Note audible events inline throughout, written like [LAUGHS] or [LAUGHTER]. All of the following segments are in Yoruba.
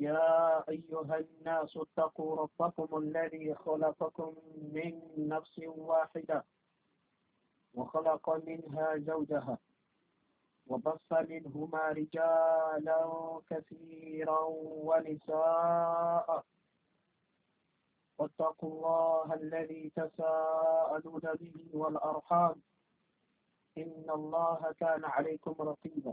يا أيها الناس اتقوا ربكم الذي خلقكم من نفس واحدة وخلق منها زوجها وبص منهما رجالا كثيرا ونساء واتقوا الله الذي تساءلون به والأرحام إن الله كان عليكم رقيبا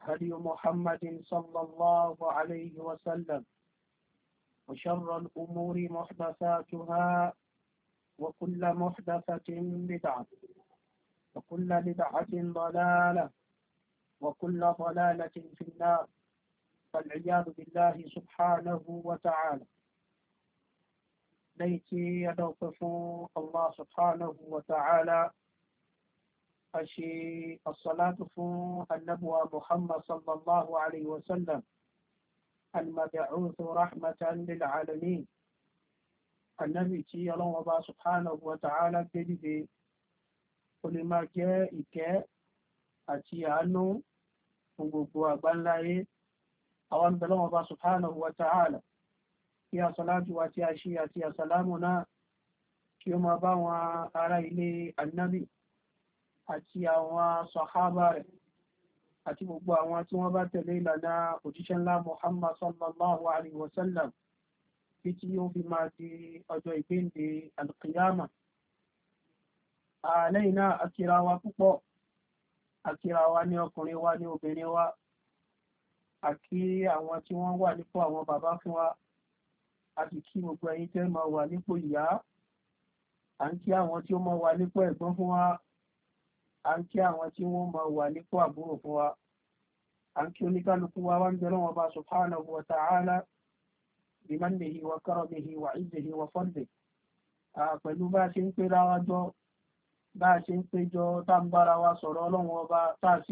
هدي محمد صلى الله عليه وسلم وشر الأمور محدثاتها وكل محدثة بدعة وكل بدعة ضلالة وكل ضلالة في النار فالعياذ بالله سبحانه وتعالى ليتي يدوقف الله سبحانه وتعالى أشي الصلاة فو النبوة محمد صلى الله عليه وسلم المبعوث رحمة للعالمين النبي تي الله وبا سبحانه وتعالى تجدي قل ما جاء إكاء أتي عنه وقبوا بلاي أوان بلون وبا سبحانه وتعالى يا صلاة واتي أشي أتي سلامنا كيما باوا على إلي النبي àti àwọn sàhábà rẹ̀ àti gbogbo àwọn tí wọ́n bá tẹ̀lé ìlànà òjíṣẹ́ ńlá Muhammad sallallahu alaihi wasallam tí tí yóò fi máa di ọjọ́ ìgbéǹde alqiyama àlẹ́yìn náà akira wa púpọ̀ akira wa ní ọkùnrin wa ní obìnrin wa àti àwọn tí wọ́n wà nípò àwọn bàbá fún wa àti kí gbogbo ẹ̀yin tẹ́ máa wà nípò ìyá à àwọn tí ó máa wà nípò ẹ̀gbọ́n fún wa à ń kí àwọn tí wọ́n máa wà nípò àbúrò fún wa à ń kí oníkálukú wa wá ń bẹ̀rẹ̀ wọn bá subhanahu wa ta'ala bimannihi wa karamihi wa izzihi wa fadlihi pẹ̀lú bá ṣe ń pera wa bá ṣe ń péjọ tá ń wa sọ̀rọ̀ ọlọ́run ọba tá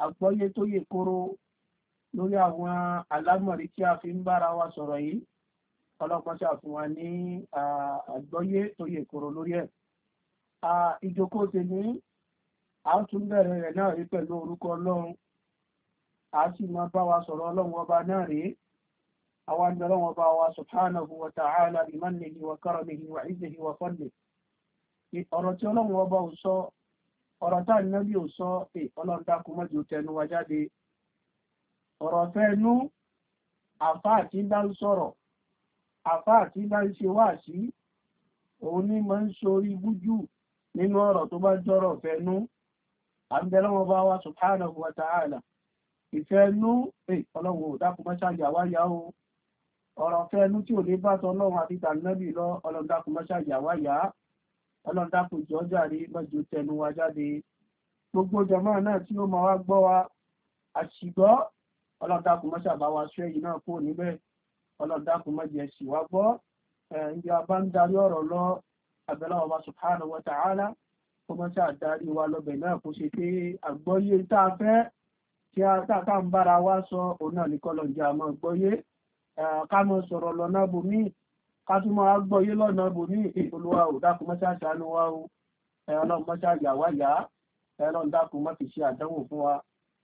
àgbọ́yé tó yè kóró lórí àwọn alámọ̀rí tí a fi ń bára wa sọ̀rọ̀ yìí ọlọ́pàá tí a ní àgbọ́yé tó yẹ kóró lórí ẹ̀. ìjókòó ti ní a tún bẹ̀rẹ̀ rẹ̀ náà rí pẹ̀lú orúkọ ọlọ́run a sì máa bá wa sọ̀rọ̀ ọlọ́run ọba náà rí ọ̀rọ̀ tí ọlọ́run sọ ọ̀rọ̀ táà ọ̀rọ̀ fẹ́nu àfá àti bá ń sọ̀rọ̀ àfá àti bá ń ṣe wá sí òun ní ma ń sorí gújù nínú ọ̀rọ̀ tó bá jọ́rọ̀ fẹ́nu àbẹ̀lọ́wọ́ bá wá subhanahu wa ta'ala ìfẹ́nu ọlọ́wọ́ dákun mọ́ṣáàjì àwáyá o ọ̀rọ̀ fẹ́nu tí ò ní bá tọ́lọ́run àti tàbí lọ ọlọ́dákun mọ́ṣáàjì àwáyá ọlọ́dákun jọjá rí mọ́jú tẹnu wa jáde gbogbo jọmọ́ náà tí ó ma wá gbọ́ wa àṣìgbọ́ ọlọ́dàkùn mọ́ṣà bá wa ṣẹ́ yìí náà kúrò níbẹ̀ ọlọ́dàkùn mọ́jẹ sì wá gbọ́ ìdí abá ń darí ọ̀rọ̀ lọ àbẹ̀láwọ̀ wa subhanahu wa ta'ala kó mọ́ṣà darí wa lọ́bẹ̀ náà kó ṣe pé àgbọ́yé tá a fẹ́ tí a tàbá ń bára wá sọ òun náà ní kọlọ̀jà àmọ́ gbọ́yé ká mọ́ sọ̀rọ̀ lọ́nà bòmí ká tún máa gbọ́yé lọ́nà bòmí olúwa ò dákun mọ́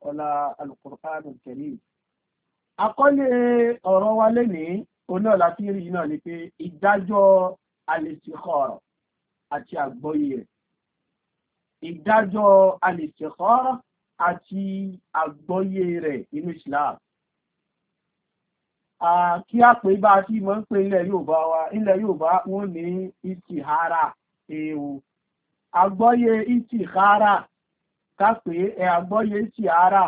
ọlá alukur'anu kẹrí àkọlé ọ̀rọ̀ wa lénìí oní ọ̀la tí rí náà ni pé ìdájọ́ alìsìkọ̀ọ̀rọ̀ àti àgbọ́yé rẹ̀ ìdájọ́ alìsìkọ̀ọ̀rọ̀ àti àgbọ́yé rẹ̀ inú Islam kí a pè bá tí mọ́ ń pè ilẹ̀ Yorùbá wa ilẹ̀ Yorùbá wọ́n ní ìtìhára ewu àgbọ́yé ìtìhára ká pé ẹ àgbọ́yé sí ara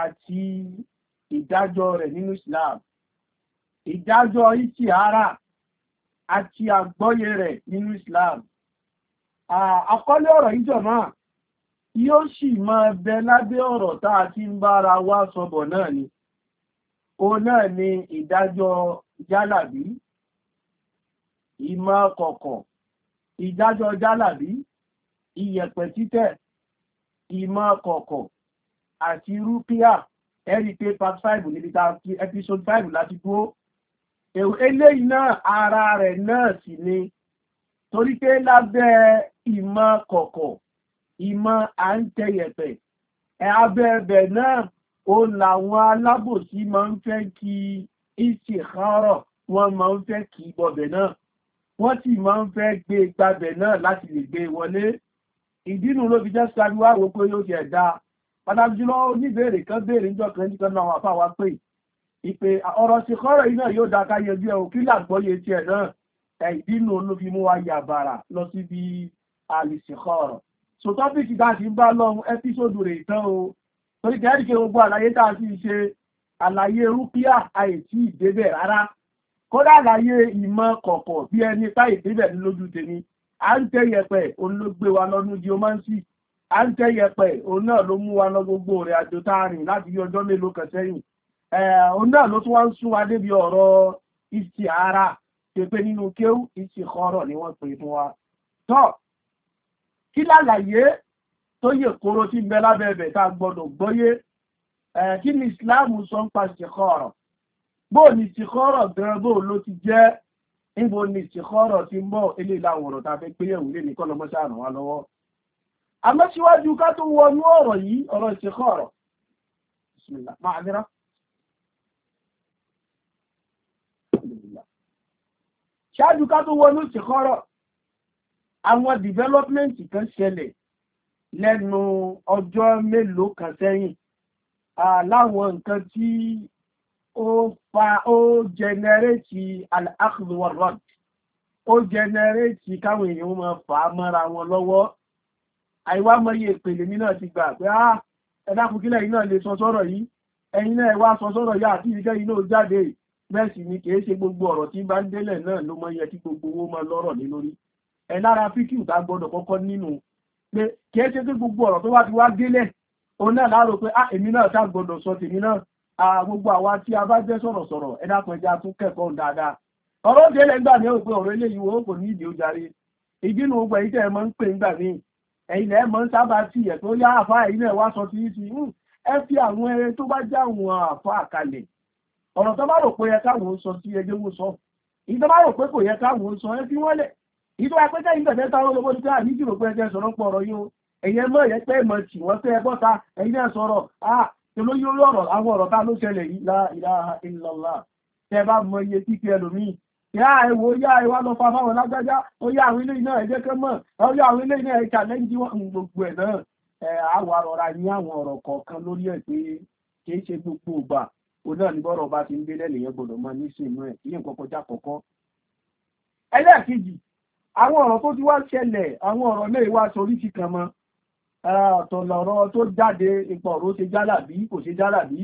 àti ìdájọ́ rẹ̀ nínú Islam ìdájọ́ ìsì ara àti àgbọ́yé rẹ̀ nínú Islam àkọlé ọ̀rọ̀ ìjọba yóò sì máa bẹ lábẹ́ ọ̀rọ̀ tá a ti ń bára wa sọ̀bọ̀ náà ni o náà ni ìdájọ́ jálàbí ìmọ̀ kọ̀kọ̀ ìdájọ́ jálàbí ìyẹ̀pẹ̀ títẹ̀ ìmọ̀ kọ̀ọ̀kọ̀ àti rúpíà ẹ̀rí pé part five níbi ta episode five láti dúró eléyìí náà ara rẹ̀ náà sì ni torí pé lábẹ́ ìmọ̀ kọ̀ọ̀kọ̀ ìmọ̀ à ń tẹ̀yẹ̀pẹ̀ abẹ́ẹ̀bẹ̀ náà ó làwọn alábòsí máa ń fẹ́ kí ìṣèkárọ̀ wọ́n máa ń fẹ́ kí bọ̀bẹ̀ náà wọ́n sì máa ń fẹ́ gbé gbàbẹ̀ náà láti lè gbé wọlé ìdínú ló fi jẹ́ sáré wá wọ́pẹ́ yóò ti ẹ̀dá pàtàkì jùlọ oníbèrè kan béèrè níjọ kan níjọ náà àfà wá pé ìpè ọ̀rọ̀ sí kọ́rọ̀ iná yóò dá ká yẹjú ẹ̀ òkí làgbọ́yé tiẹ̀ náà ìdínú ló fi mú wa yàbàrà lọ síbi àlìsí kọ́rọ̀ so tọ́pìkì tá a ti ń bá lọ́hun ẹ́písòdù rẹ̀ tán o torí kẹ́rì kí gbogbo àlàyé tá a ti ṣe àlàyé rúpíà àìtí ìdébẹ̀ rárá kódà àlàyé ìmọ̀ kọ̀kọ̀ bí ẹni tá ìdébẹ̀ lójú tèmi à ń tẹ́ yẹpẹ̀ òun wa lọ́nu di ománsì à ń tẹ́ yẹpẹ̀ òun náà ló mú wa lọ gbogbo rẹ̀ àjò tá a rìn láti bí ọjọ́ mélòó kan sẹ́yìn òun náà ló tún wá ń sún wa débi ọ̀rọ̀ ìsì ara ṣe nínú kéwù ìsì kọ́rọ̀ ni wọ́n pè fún wa. tọ́ kí lálàyé tó yẹ kóró tí ń bẹ lábẹ́ẹ̀bẹ̀ tá a gbọ́dọ̀ gbọ́yé kí ni Islam sọ ń pa ìsìkọ́rọ̀ bóò ni ìsìkọ́rọ̀ gan bóò ló ti jẹ́ níbo ni ìṣèkọ́rọ̀ ti ń bọ̀ ilé ìlàwọ̀rọ̀ tàbí péyẹ̀wò lè ní kọ́lọmọ́sá ràn wá lọ́wọ́ àmọ́ síwájú ká tó wọnú ọ̀rọ̀ yìí ọ̀rọ̀ ìṣèkọ́rọ̀ bismillah ma'adira ṣáájú ká tó wọnú ìṣèkọ́rọ̀ àwọn development kan ṣẹlẹ̀ lẹ́nu ọjọ́ mélòó kan sẹ́yìn láwọn nǹkan tí ó fa ó jẹnẹrétì al-akhdh war-radd ó jẹnẹrétì káwọn èèyàn máa fà á mọ́ra wọn lọ́wọ́ àìwá mọ́yé ìpele mi náà ti gbà pé á ẹ̀dákun kílẹ̀ yìí náà lè sọ sọ́rọ̀ yìí ẹ̀yin náà wá sọ sọ́rọ̀ yìí àti ìrìkẹ́ yìí náà jáde bẹ́ẹ̀ ni kìí ṣe gbogbo ọ̀rọ̀ tí bá ń délẹ̀ náà ló mọ́ yẹ kí gbogbo owó máa lọ́rọ̀ lé lórí ẹ lára fíkìú tá gbọ́dọ̀ kọ́kọ́ nínú pé kìí ṣe pé gbogbo ọ̀rọ̀ tó wá ti wá délẹ̀ òun náà láàrò pé á èmi náà tá gbọ́dọ̀ sọ tèmi náà gbogbo awa tí a bá jẹ́ sọ̀rọ̀sọ̀rọ̀ ẹ dákun ẹja tún kẹ́kọ̀ọ́ dáadáa ọ̀rọ̀ òde lẹ́gbà ní òpin ọ̀rọ̀ eléyìí wo kò ní ìdí ó jàre ìdínú gbogbo èyí tẹ́ ẹ máa ń pè ńgbà míì ẹ̀yin lẹ́ẹ̀ máa ń sábà ti ẹ̀ tó yá àfa ẹ̀yin náà wá sọ sí sí ẹ fi àwọn ẹrẹ tó bá já àwọn àfa àkàlẹ̀ ọ̀rọ̀ tó bá rò pé sọ sí sọ ìdí tó bá rò pé sọ ẹ o ló yóò rọrọ̀ àwọn ọ̀rọ̀ tá ló ṣẹlẹ̀ ìlà ilaha tẹ́ bá mọ iye kíkẹ́ ẹlòmíì yá ẹwọ yá ẹwà lọ fafá lágbájá ó yá àwọn ilé iná ẹjẹ́ oye mọ̀ àwọn ilé iná ẹ̀ka lẹ́yìn tí wọ́n gbogbo ẹ̀ náà àwọn ọ̀rọ̀ kọ̀ọ̀kan lórí ẹ̀ gbogbo ó náà ní bọ́rọ̀ ti ń gbélé lèyẹn ẹ̀ nǹkan kọjá kọ̀ọ̀kọ́. ẹlẹ́ẹ̀kejì àwọn ọ̀rọ̀ tó ti wá ṣẹlẹ̀ àwọn ọ̀rọ̀ ọ̀tọ̀lọ̀rọ̀ tó jáde ìpọ̀rọ̀ ṣe jálàbí kò ṣe jálàbí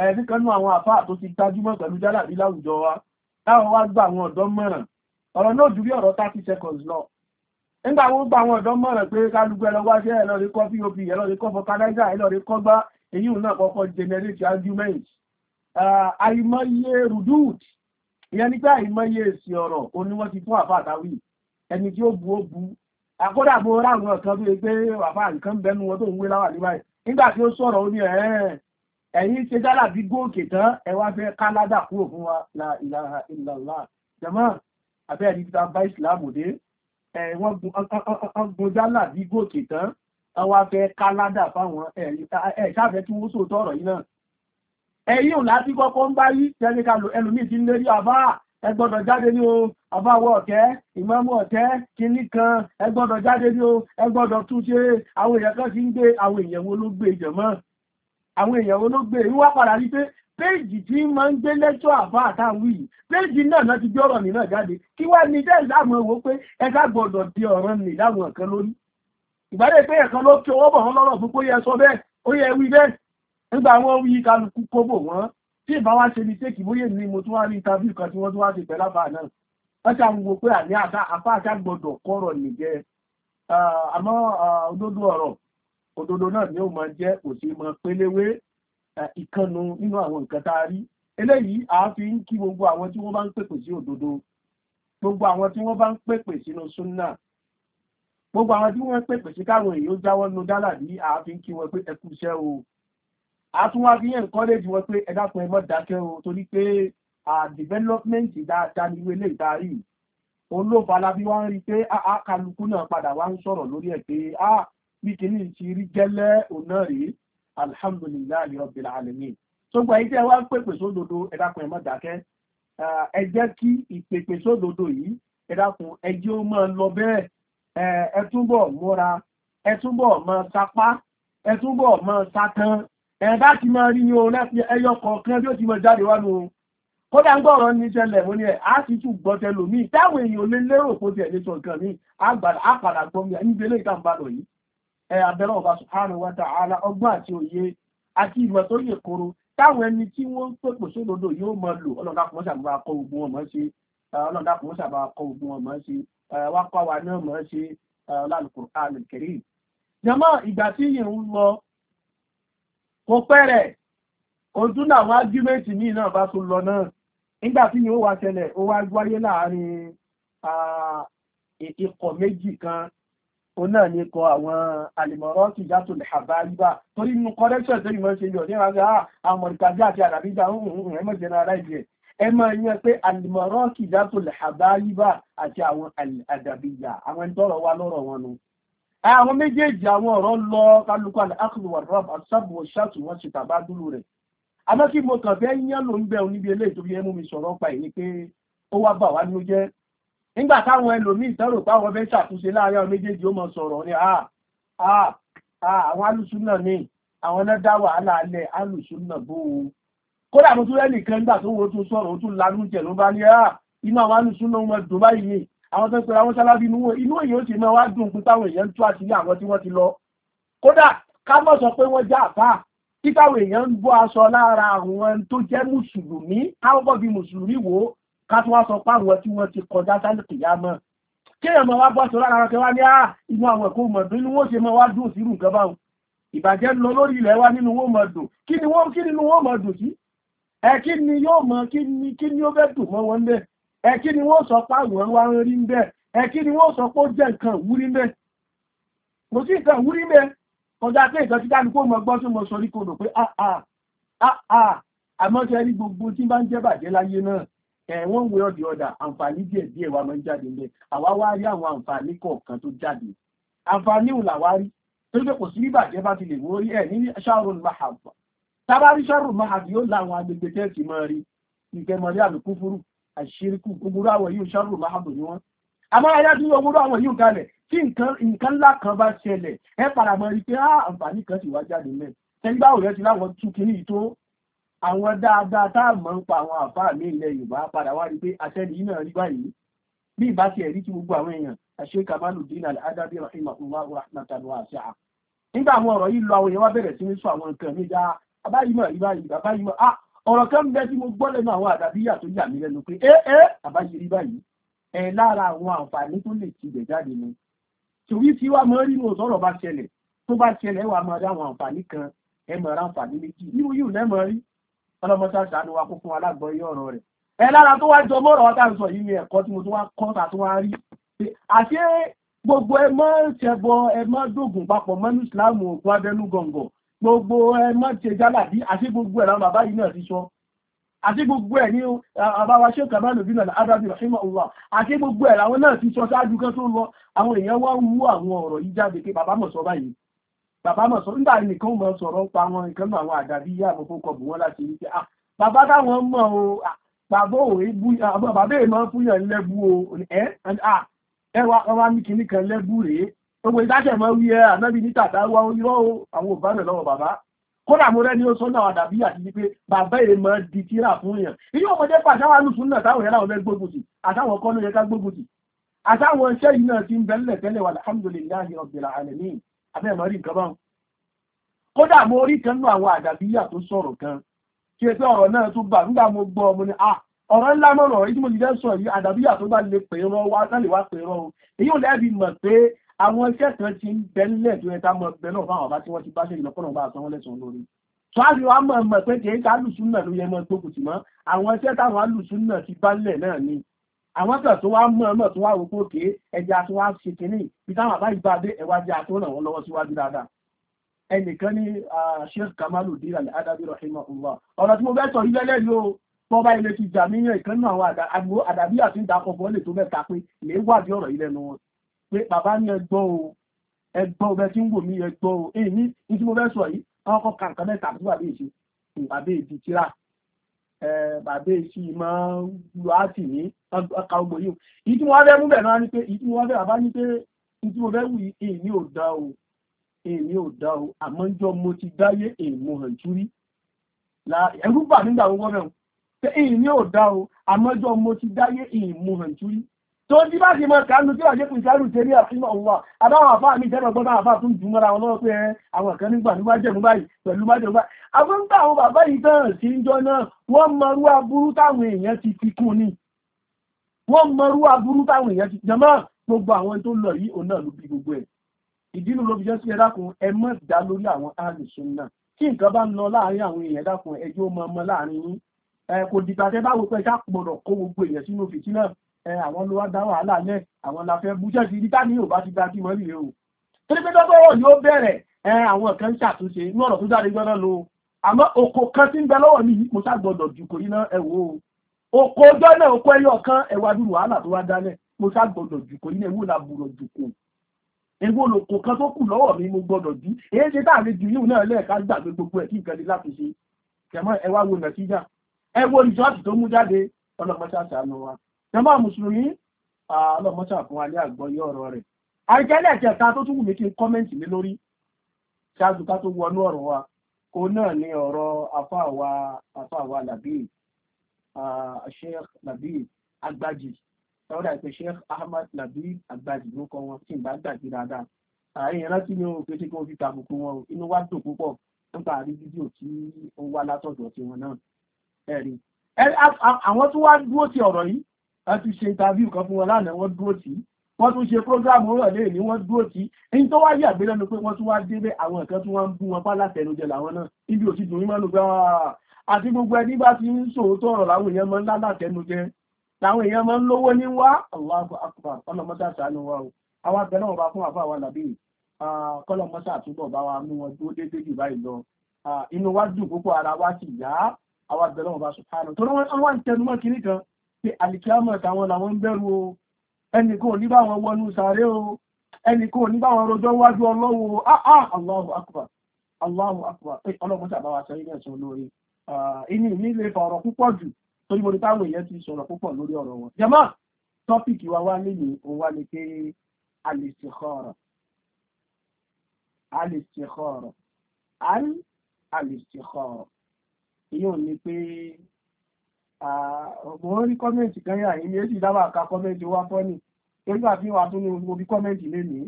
ẹ̀ẹ́díkanú àwọn àfáà tó ti gbajúmọ̀ pẹ̀lú jálàbí láwùjọ wa láwọn wá gba àwọn ọ̀dọ́ mọ̀ràn ọ̀rọ̀ náà jù bí ọ̀rọ̀ 30 seconds lọ nígbà wọ́n gba àwọn ọ̀dọ́ mọ̀ràn pé kálùgbẹ́ lọ wáṣẹ́ ẹ̀lọ́rí kọ́ pop ẹ̀lọ́rí kọ́ fọkanáísà ẹ̀lọ́rí kọ́gbá èyí náà kọ́kọ́ generate argument àìmọye rudut ìyẹn nígbà àìmọye èsì ọ̀rọ̀ oníwọ́n ti fún àfáà táwì ẹni tí ó bu ó bu àkódà mo ráwọn ọ̀kan bí pé wàfà nǹkan bẹnu wọn tó ń wé láwà níbàyí nígbà tí ó sọ̀rọ̀ ó ní ẹ̀yìn ṣe jálà bí gòkè tán ẹ wá fẹ́ kánádà kúrò fún wa la ilaha illallah jẹ́mọ́ abẹ́ ẹ̀rí títa bá ìsìláàmù dé wọ́n gun jálà bí gòkè tán ẹ wá fẹ́ kánádà fáwọn ẹ̀ ṣáfẹ́ kí wọ́n sòótọ́ ọ̀rọ̀ yìí náà ẹ̀yìn ò láti kọ́kọ́ ń bá yí tẹ́lẹ̀ ká lo ẹlòmíì ti ń lérí àbá ẹgbọ́dọ̀ jáde ní o àbáwọ̀ ọ̀tẹ́ ìmáàmù ọ̀tẹ́ kìíní kan ẹgbọ́dọ̀ jáde ní o ẹgbọ́dọ̀ tún ṣe àwọn èèyàn kan ti ń gbé àwọn èèyàn wo ló gbé ìjọ̀mọ́ àwọn èèyàn wo ló gbé ìwá padà rí pé péèjì tí máa ń gbé lẹ́tọ́ àbá àtàwí yìí péèjì náà náà ti gbé ọ̀rọ̀ mi náà jáde kí wá ní dẹ́ ìdáàmú wo pé ẹ̀ka gbọ́dọ̀ di ọ̀ràn nì láwọn kan lórí ìbádé pé ẹ̀kan ló fi owó bọ̀ wọ́n lọ́rọ̀ fún pé ó yẹ sọ bẹ́ẹ̀ ó yẹ wí bẹ́ẹ̀ nígbà wọn wí kálukú kóbò wọn tí ìbá wá ṣe ní tẹ́kì bóyè ní mo tún wá rí ìtàbí kan tí wọ́n tún wá ṣe pẹ̀lú àbá náà wọ́n ṣe àwùwò pé àní apá gbọ́dọ̀ kọ́rọ̀ nìjẹ́ àmọ́ òdodo ọ̀rọ̀ òdodo náà ni ó máa jẹ́ òsì mọ péléwé ìkànnù nínú àwọn nǹkan tá a rí eléyìí a fi ń kí gbogbo àwọn tí wọ́n bá ń pèpè sí òdodo gbogbo àwọn tí wọ́n bá ń pèpè sínú súnà gbogbo àwọn tí wọ́n pèpè sí káwọn èèyàn jáwọ́ nu dálà ní wọn pé ẹkú o a tún wá bí encourage wọn pé ẹ dákun ẹ má dákẹ́ o torí pé development dáadáa ní ilé ìdarí olóbala bí wọ́n rí pé ah, ah, kálukú náà padà wá ń sọ̀rọ̀ lórí ẹ̀ pé a ah, bí kìíní ti rí gẹ́lẹ́ ọ̀nà rí alhamdulillahi rabbil alamin tó gba ìdí ẹ wá ń pèpè sódodo ẹ dákun ẹ má dákẹ́ ẹ jẹ́ kí ìpèpè sódodo yìí ẹ dákun ẹ jẹ́ ó máa lọ bẹ́ẹ̀ ẹ túbọ̀ múra ẹ túbọ̀ máa sapá ẹ túbọ̀ máa satán ẹ̀bá ti máa rí ní oná fi ẹyọ kọ̀ọ̀kan bí ó ti mọ̀ jáde wá lóhun kódà ń gbọ́rọ̀ ní ṣẹlẹ̀ mo ní ẹ̀ á sì tún gbọ́ tẹlò míì táwọn èèyàn lè lérò kó tiẹ̀ lè sọ nǹkan míì á padà gbọ́ mi níbi ilé ìtàn balọ̀ yìí ẹ abẹ́rẹ́ ọba subhanahu wa ta'ala ọgbọ́n àti òye àti ìmọ̀ tó yè koro táwọn ẹni tí wọ́n ń pèpò sódodo yóò máa lò ọlọ́dàkùn mọ́sàbà kọ ogun ọmọ ṣe ọlọ́dàkùn mọ́sàbà kọ ogun ọmọ ṣe wákọ́ wa náà mọ́ ṣe lálùkùránì karim. jàmá ìgbà tí yìí ń lọ kò pẹ́rẹ̀ òtún làwọn ágímẹ́ǹtì ní iná bá tún lọ náà nígbàtí ni ó wá ṣẹlẹ̀ ó wá wáyé láàárín ikọ̀ méjì kan ó náà ní kọ àwọn àlìmọ̀rọ́ ti já tó lè torí nínú correction tó ṣe yọ ní àti àràbíjà ẹ yẹn pé tó lè àwọn méjèèjì àwọn ọ̀rọ̀ lọ kálukú àkùrù wàrọ̀bù àṣàbù ṣáàtù wọn ṣe tàbá dúró rẹ̀ àmọ́ kí mo kàn fẹ́ yán ló ń bẹ oníbi eléyìí tó fi ẹmú mi sọ̀rọ̀ pa èyí pé ó wá bà wá nínú jẹ́ nígbà táwọn ẹlòmíì tẹ́rò páwọn fẹ́ ṣàtúnṣe láàárín àwọn méjèèjì ó mọ sọ̀rọ̀ ni a a a àwọn alùsùn náà ni àwọn náà dá wàhálà alẹ́ alùsùn náà bó o kódà mo tún rẹ́ nìkan nígbà tó wo tún sọ̀rọ̀ ó tún lanú ló bá ní inú àwọn alùsùn náà wọn dùn báyìí àwọn tó ń pẹ̀lú àwọn sálábí inú inú èyí ó sì máa wá dùn pé táwọn èèyàn ń tú àṣírí àwọn tí wọ́n ti lọ kódà ká mọ̀ sọ pé wọ́n já àbá kí táwọn èèyàn ń bọ́ aṣọ lára àwọn tó jẹ́ mùsùlùmí káwọn bọ̀ bí mùsùlùmí wò ó ká tún wá sọ pé àwọn tí wọ́n ti kọjá sálùkì yá mọ́ kí èèyàn máa wá bọ́ aṣọ lára kẹwàá ní ah, inú àwọn ẹ̀kọ́ mọ̀ dùn inú wọn ṣe máa wá dùn sí irú nǹkan báwọn ìbàjẹ́ lọ lórí ilẹ̀ wa nínú wọn mọ̀ dùn kí ni wọn kí nínú wọn mọ̀ dùn sí ẹ kí ni yóò mọ kí ni kí ni ó fẹ́ dùn mọ́ wọn bẹ́ẹ̀ ẹ̀kí ni wọ́n sọ páwọn wá ń rí ń bẹ́ ẹ̀kí ni wọ́n sọ pé ó jẹ́ nǹkan wúrí ń bẹ́ kò sí nǹkan wúrí ń bẹ́ kọjá pé ìtọ́ tí dáadé kó mọ gbọ́ tó mọ sọ rí kodò pé àà ah, ah, ah, àmọ́ ṣe rí gbogbo tí bá ń jẹ́ bàjẹ́ láyé náà ẹ̀wọ̀n wé ọ̀dì ọ̀dà àǹfààní díẹ̀ díẹ̀ wa máa ń jáde ń bẹ́ àwa wá rí àwọn àǹfààní kọ̀ọ̀kan tó jáde àǹfààní òun làwa rí torí pé kò sí bàjẹ́ bá ti lè wọ́n rí ẹ̀ ní ṣáàrùn mahab tábà rí ṣáàrùn mahab yóò láwọn agbègbè tẹ́ẹ̀sì máa rí ìkẹmọ̀rí àlùkúfúrú àṣírikù gbogbo àwọn yìí ṣàrò máàbò ni wọ́n àmọ́ ayá tí gbogbo àwọn yìí kalẹ̀ tí nǹkan ńlá kan bá ṣẹlẹ̀ ẹ padà mọ̀ rí pé àǹfààní kan sì wá jáde mẹ́ tẹ́gbà òrẹ́ ti láwọn tún kiri tó àwọn dáadáa tá a mọ̀ ń pa àwọn àbá mi ilẹ̀ Yorùbá padà wá rí pé àṣẹlẹ̀ náà rí báyìí bí ìbá ti ẹ̀rí tí gbogbo àwọn èèyàn àṣẹ Kamaluddin al-Adabi rahimahullah rahmatan wasi'a nígbà àwọn ọ̀rọ̀ yìí lọ àwọn èèyàn wá bẹ̀rẹ̀ sí ní sọ àwọn nǹkan mi dáa abáyìí mọ̀ rí báyìí bàbá yìí mọ̀ ah ọ̀rọ̀ kan bẹ tí mo gbọ́ lẹ́nu àwọn àdàbíyà tó yà mí lẹ́nu pé ẹ ẹ àbáṣirí báyìí ẹ lára àwọn àǹfààní tó lè ti bẹ̀ jáde ni torí tí wàá mọ rí mo sọ̀rọ̀ bá ṣẹlẹ̀ tó bá ṣẹlẹ̀ wàá mọ rí àwọn àǹfààní kan ẹ mọ̀ ra àǹfààní méjì nínú yìí lẹ́mọ̀ rí ọlọ́mọta ṣàánú wa kó fún wa lágbọ́ iye ọ̀rọ̀ rẹ̀ ẹ lára tó wá jọ mọ́rọ̀ ọ̀tá sọ yìí ni ẹ̀kọ́ tí mo tún wá kọ́ ta tún wá rí àṣé gbogbo ẹ mọ́ ṣẹbọ ẹ mọ́ dògùn papọ̀ mọ́nú ìsìláàmù òkú abẹ́nú gọ̀ǹgọ̀ gbogbo ẹ má ṣe jálàbí àti gbogbo ẹ̀ láwọn bàbá yìí náà ti sọ àti gbogbo ẹ̀ ní àbáwá ṣe kàbá lòbí náà adájú rahim allah àti gbogbo ẹ̀ láwọn náà ti sọ ṣáájú kan tó lọ àwọn èèyàn wá wú àwọn ọ̀rọ̀ yìí jáde pé bàbá mọ̀ sọ báyìí bàbá mọ̀ sọ nígbà nìkan mọ̀ sọ̀rọ̀ pa àwọn nǹkan náà àwọn àdàbí yá àmọ́kó kọ bù wọ́n láti rí pé ah bàbá táwọn mọ̀ o bàbá ò rí bú bàbá èèmọ̀ fúyàn lẹ́bù o ẹ̀ wá ní kinní kan lẹ́bù rèé gbogbo ìdájẹ̀ mọ́ wí ẹ ànábi ní tàbí wá irọ́ àwọn òbálẹ̀ lọ́wọ́ bàbá kódà mo rẹ́ni ó sọ́nà àdàbí àti wípé bàbá èè mọ́ di tíra fún èèyàn ilé ọmọdé pàṣáwà lùsùn náà táwọn ẹ̀rọ ọ̀lẹ́ gbógun tì àtàwọn kọ́ ló yẹ ká gbógun tì àtàwọn iṣẹ́ yìí náà ti ń bẹ̀lẹ̀ tẹ́lẹ̀ wà alhamdulillahi rabbil alamin abẹ́ẹ̀mọ́ rí nǹkan báwọn kódà mo rí kan nú àwọn àdàbíyà tó sọ̀rọ̀ kan kí ẹgbẹ́ ọ̀rọ̀ náà tó bà nígbà mo gbọ́ ọmọ ni ah ọ̀rọ̀ ńlá mọ̀rọ̀ èyí tí mo ti fẹ́ sọ yìí àdàbíyà tó bá lè pè rán wá sálè wá pè rán o èyí ò lẹ́bi mọ̀ pé àwọn iṣẹ́ kan ti ń bẹ́lẹ̀ tó ẹta mọ̀ bẹ́lọ̀ fún àwọn ọba tí wọ́n ti bá ṣe ìlọ́pọ̀nà bá sanwó lẹ́sàn lórí tọ́lù wa mọ̀ mọ̀ pé kìí ká lùsùn náà ló yẹ mọ́ gbógun tì mọ́ àwọn iṣẹ́ táwọn alùsùn náà ti bálẹ̀ náà ni àwọn kan tó wá mọ̀ mọ̀ tó wá rògbò ké ẹja tó wá ṣe kínní bí táwọn àbá ìgbà dé ẹwà jẹ àtó ràn wọ́n lọ́wọ́ síwájú dáadáa ẹnìkan ní Sheikh Kamaluddin al-Adabi rahimahullah ọ̀rọ̀ tí mo fẹ́ sọ yí lẹ́lẹ́ yìí o tọ́ba ilé ti jà níyàn ìkànnì àwọn àdàbí àti ìdákọ̀ọ́bọ̀ lè tó mẹ́ta pé lè wádìí ọ̀rọ̀ yìí lẹ́nu wọn pé bàbá ní ẹgbọ́ o ẹgbọ́ o bẹ́ tí ń wò mí ẹgbọ́ o èyí ní tí mo fẹ́ sọ yìí àwọn ọkọ̀ kàǹkà mẹ́ta àbúrò àbẹ́ ìṣe bàbá èdè tíra bàbá èṣì máa ń lo àti ní ọkà ogbò yìí ìyí tí wọ́n fẹ́ mú bẹ̀rẹ̀ ní pé ìyí tí wọ́n fẹ́ bàbá ní pé ìyí tí wù yìí o èmi ò dá o àmọ́ jọ mo ti dáyé èmo hàn túrí ẹ̀rú bà nígbà wọn gbọ́dọ̀ pé èmi ò dá o àmọ́ jọ mo ti dáyé èmo hàn túrí tó ní bá ṣe mọ́ kánú tí wàá jẹ́kùn ìṣàrù tẹ́rí àfihàn ọ̀wà àbáwọn àfá mi tẹ́rọ gbọ́dá àfá tún jù mọ́ra wọn lọ́wọ́ pé àwọn kan nígbà ní wájẹ̀ mú báyìí pẹ̀lú wájẹ̀ mú báyìí àwọn ń bá àwọn bàbá yìí tán sí ń jọ náà wọ́n mọrú aburú táwọn èèyàn ti fi kún ni wọ́n mọrú aburú táwọn èèyàn ti jẹmọ́ gbogbo àwọn tó lọ yìí òun náà ló bí gbogbo ẹ̀ ìdínú ló fi jẹ́ sí ẹ̀dákun ẹ mọ́ dá lórí àwọn àlùsùn náà tí nǹkan bá ń lọ láàárín àwọn èèyàn dákun ẹjọ́ mọ́ ọmọ láàárín yín kò dìgbà tẹ́ bá wo pé ṣá gbọ́dọ̀ kó gbogbo èèyàn sínú fìtí náà àwọn ló wá dá wàhálà lẹ̀ àwọn la fẹ́ bú ṣẹ́ẹ̀sì rí táni ò bá ti gba kímọ́ rèé o torí pé dọ́gọ́rọ̀ yóò bẹ̀rẹ̀ àwọn kan ń ṣàtúnṣe inú ọ̀rọ̀ tó jáde gbọ́dọ̀ lo àmọ́ oko kan tí ń bẹ lọ́wọ́ mi yìí mo ṣàgbọ́dọ̀ jù kò iná ẹ̀wò o oko ọjọ́ náà oko ẹyọ kan ẹ̀wà dúró wàhálà tó wá dálẹ̀ mo ṣàgbọ́dọ̀ jù kò iná ẹ̀wò làbùrọ̀ jù kò ewu olùkọ́ kan tó kù lọ́wọ́ mi mo gbọ́dọ̀ bí èyí ṣe táà lè jù yíò náà lẹ́ẹ̀ká gbàgbé gbogbo ẹ̀ kí nǹkan lè ṣe kẹmọ́ ẹwà wo nàìjíríà ẹ wo rìsọ́ọ̀tì tó wa jọmọ́ mùsùlùmí ọlọ́mọ́sà fún wa ní àgbọ́yé ọ̀rọ̀ rẹ̀ àìjẹ́lẹ̀ kẹta tó tún wù mí kí n kọ́mẹ́ǹtì lé lórí ṣáájú ká tó wọnú ọ̀rọ̀ wa kó náà ní ọ̀rọ̀ afáàwa afáàwa Labib Sheikh Labib Agbaji sọ́dọ̀ àìpẹ́ Ahmad Labib Agbaji ló kọ́ wọn tí n bá gbàgbé dáadáa àárín rántí ni o pé tí kò fi tàbùkù wọn inú wa dùn púpọ̀ nípa àrí fídíò tí àwọn tó wá dúró ti ọ̀rọ̀ yìí wọ́n tún ṣe interview kan fún wọn lánàá wọ́n dúró tì í wọ́n tún ṣe prógrámù rọ̀ lè ní wọ́n dúró tì í èyí tó wáyé àgbélẹ́nu pé wọ́n tún wá débẹ̀ àwọn nǹkan tí wọ́n ń bú wọn pa látẹnujẹ làwọn náà ibi òsì dùn mọ́nu gbáà àti gbogbo ẹni bá ti ń sòótọ́ ọ̀rọ̀ láwọn èèyàn máa ń lá làwọn èèyàn máa ń lówó ní wá Allahu akbar wa pé àlìkíámọ̀ tàwọn làwọn ń bẹ̀rù o ẹnì kò ní bá wọn wọnú sàárè o ẹnì kò ní bá wọn rojọ́ wájú ọlọ́wọ́ ah, ah Allahu akbar Allahu akbar ọlọ́run tí àbáwá sẹ́yìn náà sọ lórí ah, inú mi lè fa ọ̀rọ̀ púpọ̀ jù torí mo ní táwọn èèyàn ti sọ̀rọ̀ púpọ̀ lórí ọ̀rọ̀ wọn jẹ́mọ́ tọ́pìkì wa wá nínú òun wá ní pé al-istikhara al-istikhara al-istikhara èyí ò ní pé mo rí kọ́mẹ̀ntì kan yà yìí méjì dáwà ka kọ́mẹ̀ntì wá fọ́nì nígbà tí wàá tún ní mo bí kọ́mẹ̀ntì lénìí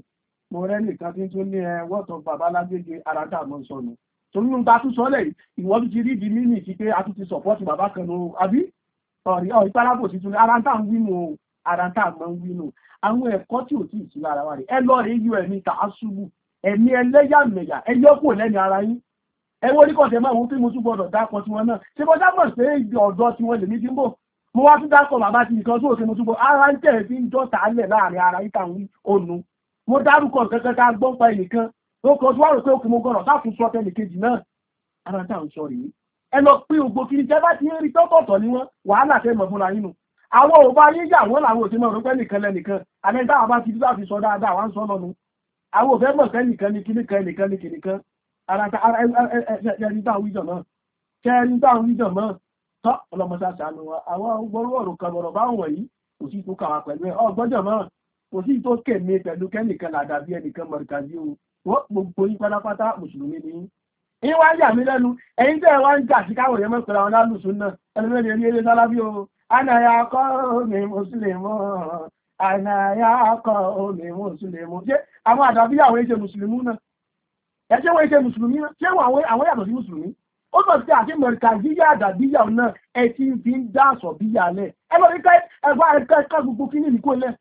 mo rẹ́ nìkan tí tún ní wọ́ọ̀tọ̀ bàbá lágbègbè aráńtà mọ́ sọnù torí ta tún sọ́lẹ̀ ìwọ́n ti rí mímì sí pé a tún ti sọ̀pọ́ọ̀tì bàbá kan nù àbí ọ̀rí pálábò sí tún ní aráńtà ń wí mu o mọ́ ń wí nù àwọn ẹ̀kọ́ ẹwọ́ ní kọ̀ọ̀tẹ̀ máa wọ́n pé mo tún gbọdọ̀ dákọ̀ tí wọ́n náà ṣe bọ́ dámọ̀ pé ìgbẹ̀ ọ̀dọ́ tí wọ́n lè ní dínbò mo wá tún dákọ̀ bàbá ti nìkan tó òkè mo tún bọ́ ara ń tẹ̀ sí ń dọ́ta alẹ̀ láàrin ara yíta ń onu mo dárúkọ kankan ká gbọ́n pa ẹnìkan ó kọ tó wà rò pé òkè mo gbọdọ̀ sáfún sọ tẹnì kejì náà ara tá à ń sọ rèé ẹ lọ pé ògbó kiri tẹ bá ti ń rí tọ́tọ̀tọ̀ ni wọ́n wàhálà tẹ mọ̀ fúnra yín àwọn ò bá yín yà wọ́n làwọn ò ti mọ̀ rúpẹ́ nìkan lẹ́nìkan àmì táwọn bá ti dúdú àfi sọ dáadáa wà ń sọ lọ́nu àwọn ò fẹ́ mọ̀ sẹ́nìkan ni kíníkan nìkan ni kìnìkan kò sí tó kèmí pẹ̀lú kẹ́nìkan àdàbí ẹnìkan mọ̀rìkàdí o wọ́n gbogbo yí pátápátá mùsùlùmí ni yí wá yà mí lẹ́nu ẹ̀yin tẹ́ wá ń jà sí káwọn èèyàn mẹ́sàn-án àwọn alùsùn náà ẹlẹ́mẹ́rin eré eré sálábí o ànàyà akọ́ mi mùsùlùmí ànàyà akọ́ mi mùsùlùmí ṣé àwọn àdàbí àwọn èṣe mùsùlùmí náà ẹ̀ṣẹ́ wọ́n ṣe mùsùlùmí ṣé àwọn yàtọ̀ sí mùsùlùmí ó sọ sí àti mẹ̀ríkà yíyá àdàbíyà náà ẹ ti fi ń dá àṣọ bíyà lẹ̀ ẹ lọ rí ẹgbà ẹgbà ẹka gbogbo kí ní ìlú lẹ̀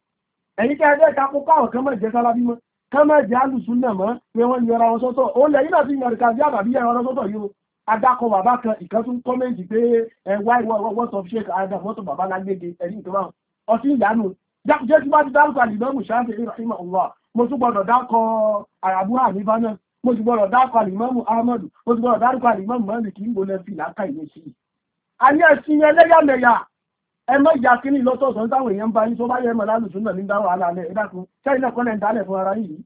ẹ̀yìn kẹ́ ẹgbẹ́ kakó káwọn kan mọ̀jẹ́ sálábí mọ́ kan mọ̀jẹ́ alùsùn náà mọ́ pé wọ́n yọra wọn sọ́tọ̀ ó lẹ̀ yínà sí mẹ̀ríkà yíyá àdàbíyà wọn sọ́tọ̀ yìí o adakọ bàbá kan ìkan tún kọ́mẹ́ǹtì pé ẹ wá ìwọ wọ́tọ̀ fi ṣe àdá wọ́tọ̀ bàbá lágbègbè ẹ̀rí nǹkan báwọn ọtí ìyanu jẹ́ kí bá ti dárúkọ àlìbẹ́mù ṣáàṣì ìrọ̀ṣìmọ̀ ọ̀wà mo tún gbọ́dọ̀ dákọ̀ àràbúrà níbá náà mo ti gbọ́rọ̀ dárúkọ àlìmọ́mù ahmadu mo ti gbọ́rọ̀ dárúkọ àlìmọ́mù mọ́lì kí n bò lẹ́ fi làákà ìwé sí i. a ní ẹ̀sìn ẹlẹ́yàmẹ̀yà ẹ mọ́ ìyá kínní lọ́sọ̀ọ̀sán táwọn èèyàn bá yín tó bá yẹ mọ̀ lálùsùn náà ní dáwọ̀ alálẹ̀ ẹ dákun sẹ́yìn náà kọ́lẹ̀ ń dálẹ̀ fún ara yìí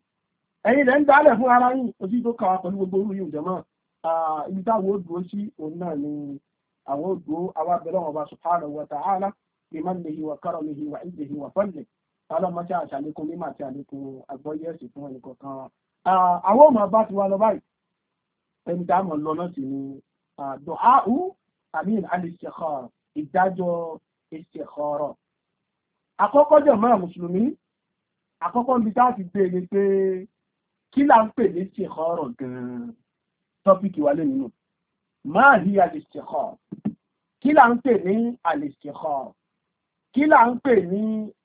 ẹ̀yin lẹ́ ń dálẹ̀ fún ara yìí òsì tó kà wá pẹ̀lú gbogbo orú yìí jẹ̀mọ́ ibi táwọn odò sí òun náà ni àwọn odò àwa bẹ̀rẹ̀ wọn bá subhanahu wa ta'ala ìmọ̀lẹ́yìn wa karamihi wa ìdèyìn wa fọ́lẹ̀ alọ́mọṣẹ́ àṣàlékún mímọ̀ àti àlékún àgbọ́yẹ̀sì fún ẹnìkọ̀ọ̀kan àwọn ọmọ bá ti wà lọ báyìí ẹni dáàmọ̀ lọ náà sì ni àdọ̀ áhù àmì al-istikhara ìdájọ́ istikhara àkọ́kọ́ jẹ́ mọ́ mùsùlùmí àkọ́kọ́ bí tá ti béèrè pé kí là ń pè ní istikhara gan-an tọ́pìkì wà lẹ́nu ma hiya al-istikhara kí là ń pè ní al-istikhara kí là ń pè ní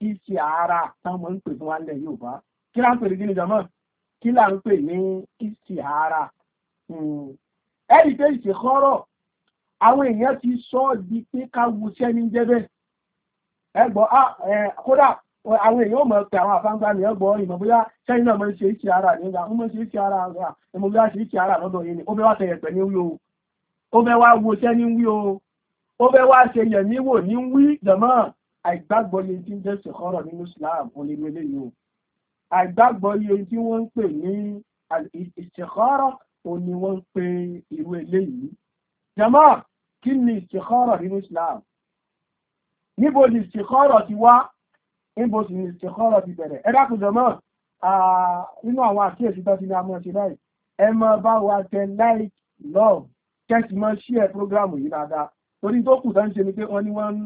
iṣẹ́ ara táwọn ń pè fún wa lẹ̀ Yorùbá kí là ń pè ní gíní jàmáà kí là ń pè ní ìsìhárà hmm. ẹ̀rí pé ìsìkọ́rọ̀ àwọn èèyàn ti sọ ọ́ di pé káwo sẹ́ni jẹ́bẹ̀ ẹgbọ́ ah, kódà àwọn èèyàn ò mọ̀ pé àwọn àfáńgbá ni ẹgbọ́ ìmọ̀ bóyá sẹ́yìn náà mọ̀ ṣe ìsìhárà nígbà wọ́n mọ̀ ṣe ìsìhárà rà ẹmọ bóyá ṣe ìsìhárà lọ́dọ̀ yìí ni ó fẹ́ wá tẹ̀yẹ̀ pẹ̀ ní wí o ó fẹ́ wá wo sẹ́ni wí o ó fẹ́ wá ṣe yẹ̀ níwò ní wí jọ̀mọ́ àìgbàgbọ́ yẹn ti ń nínú Islam olè àìgbàgbọ́ iye tí wọ́n ń pè ní istikhara òun ni wọ́n ń pe irú eléyìí. jama kí ni istikhara nínú Islam níbo ni istikhara ti wá níbo sì ni istikhara ti bẹ̀rẹ̀ ẹ dákun jama nínú àwọn àkíyèsí tó ti ní amọ̀ ṣe láì ẹ máa bá wa tẹ like love kẹ́sì máa share prógrámù yìí dáadáa torí tó kù tán ṣe ni pé wọ́n ní wọ́n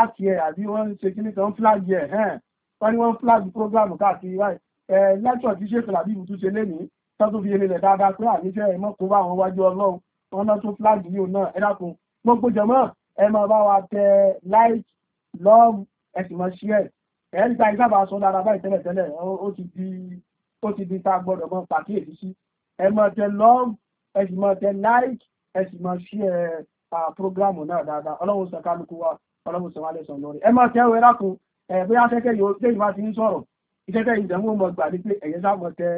á tiẹ̀ àbí wọ́n ṣe kí ní kan flag yẹ̀ wọ́n ní wọ́n flag program káàkiri báyìí ẹ̀ lẹ́tọ̀ tí ṣe fìlàbí ìbùtú ṣe lénìí tó tó fi eré rẹ̀ dáadáa pé àníṣẹ́ ẹ̀mọ́ tó bá àwọn wájú ọlọ́run wọn náà tó flag yìí náà ẹ dákun gbogbo jọmọ́ ẹ máa bá wa tẹ like love ẹ sì máa share ẹ ẹ nípa ìsábà sọ dáadáa báyìí tẹ́lẹ̀ tẹ́lẹ̀ ó ti di ó ti di ta gbọ́dọ̀ mọ pàkíyèsí sí ẹ máa tẹ love ẹ sì máa tẹ like ẹ sì máa share program náà dáadáa ọlọ́run sọ kálukú wa ọlọ́run sọ wálé sọ lórí ẹ máa tẹ ẹwẹ́ dákun ẹ̀bẹ́ afẹ́kẹ́ yóò tẹ́ ìwá ti ń sọ̀rọ̀ ìṣẹ́kẹ́ ìdẹ̀mú mọ̀ gbà ní pé ẹ̀yẹ sáàmọ̀ tẹ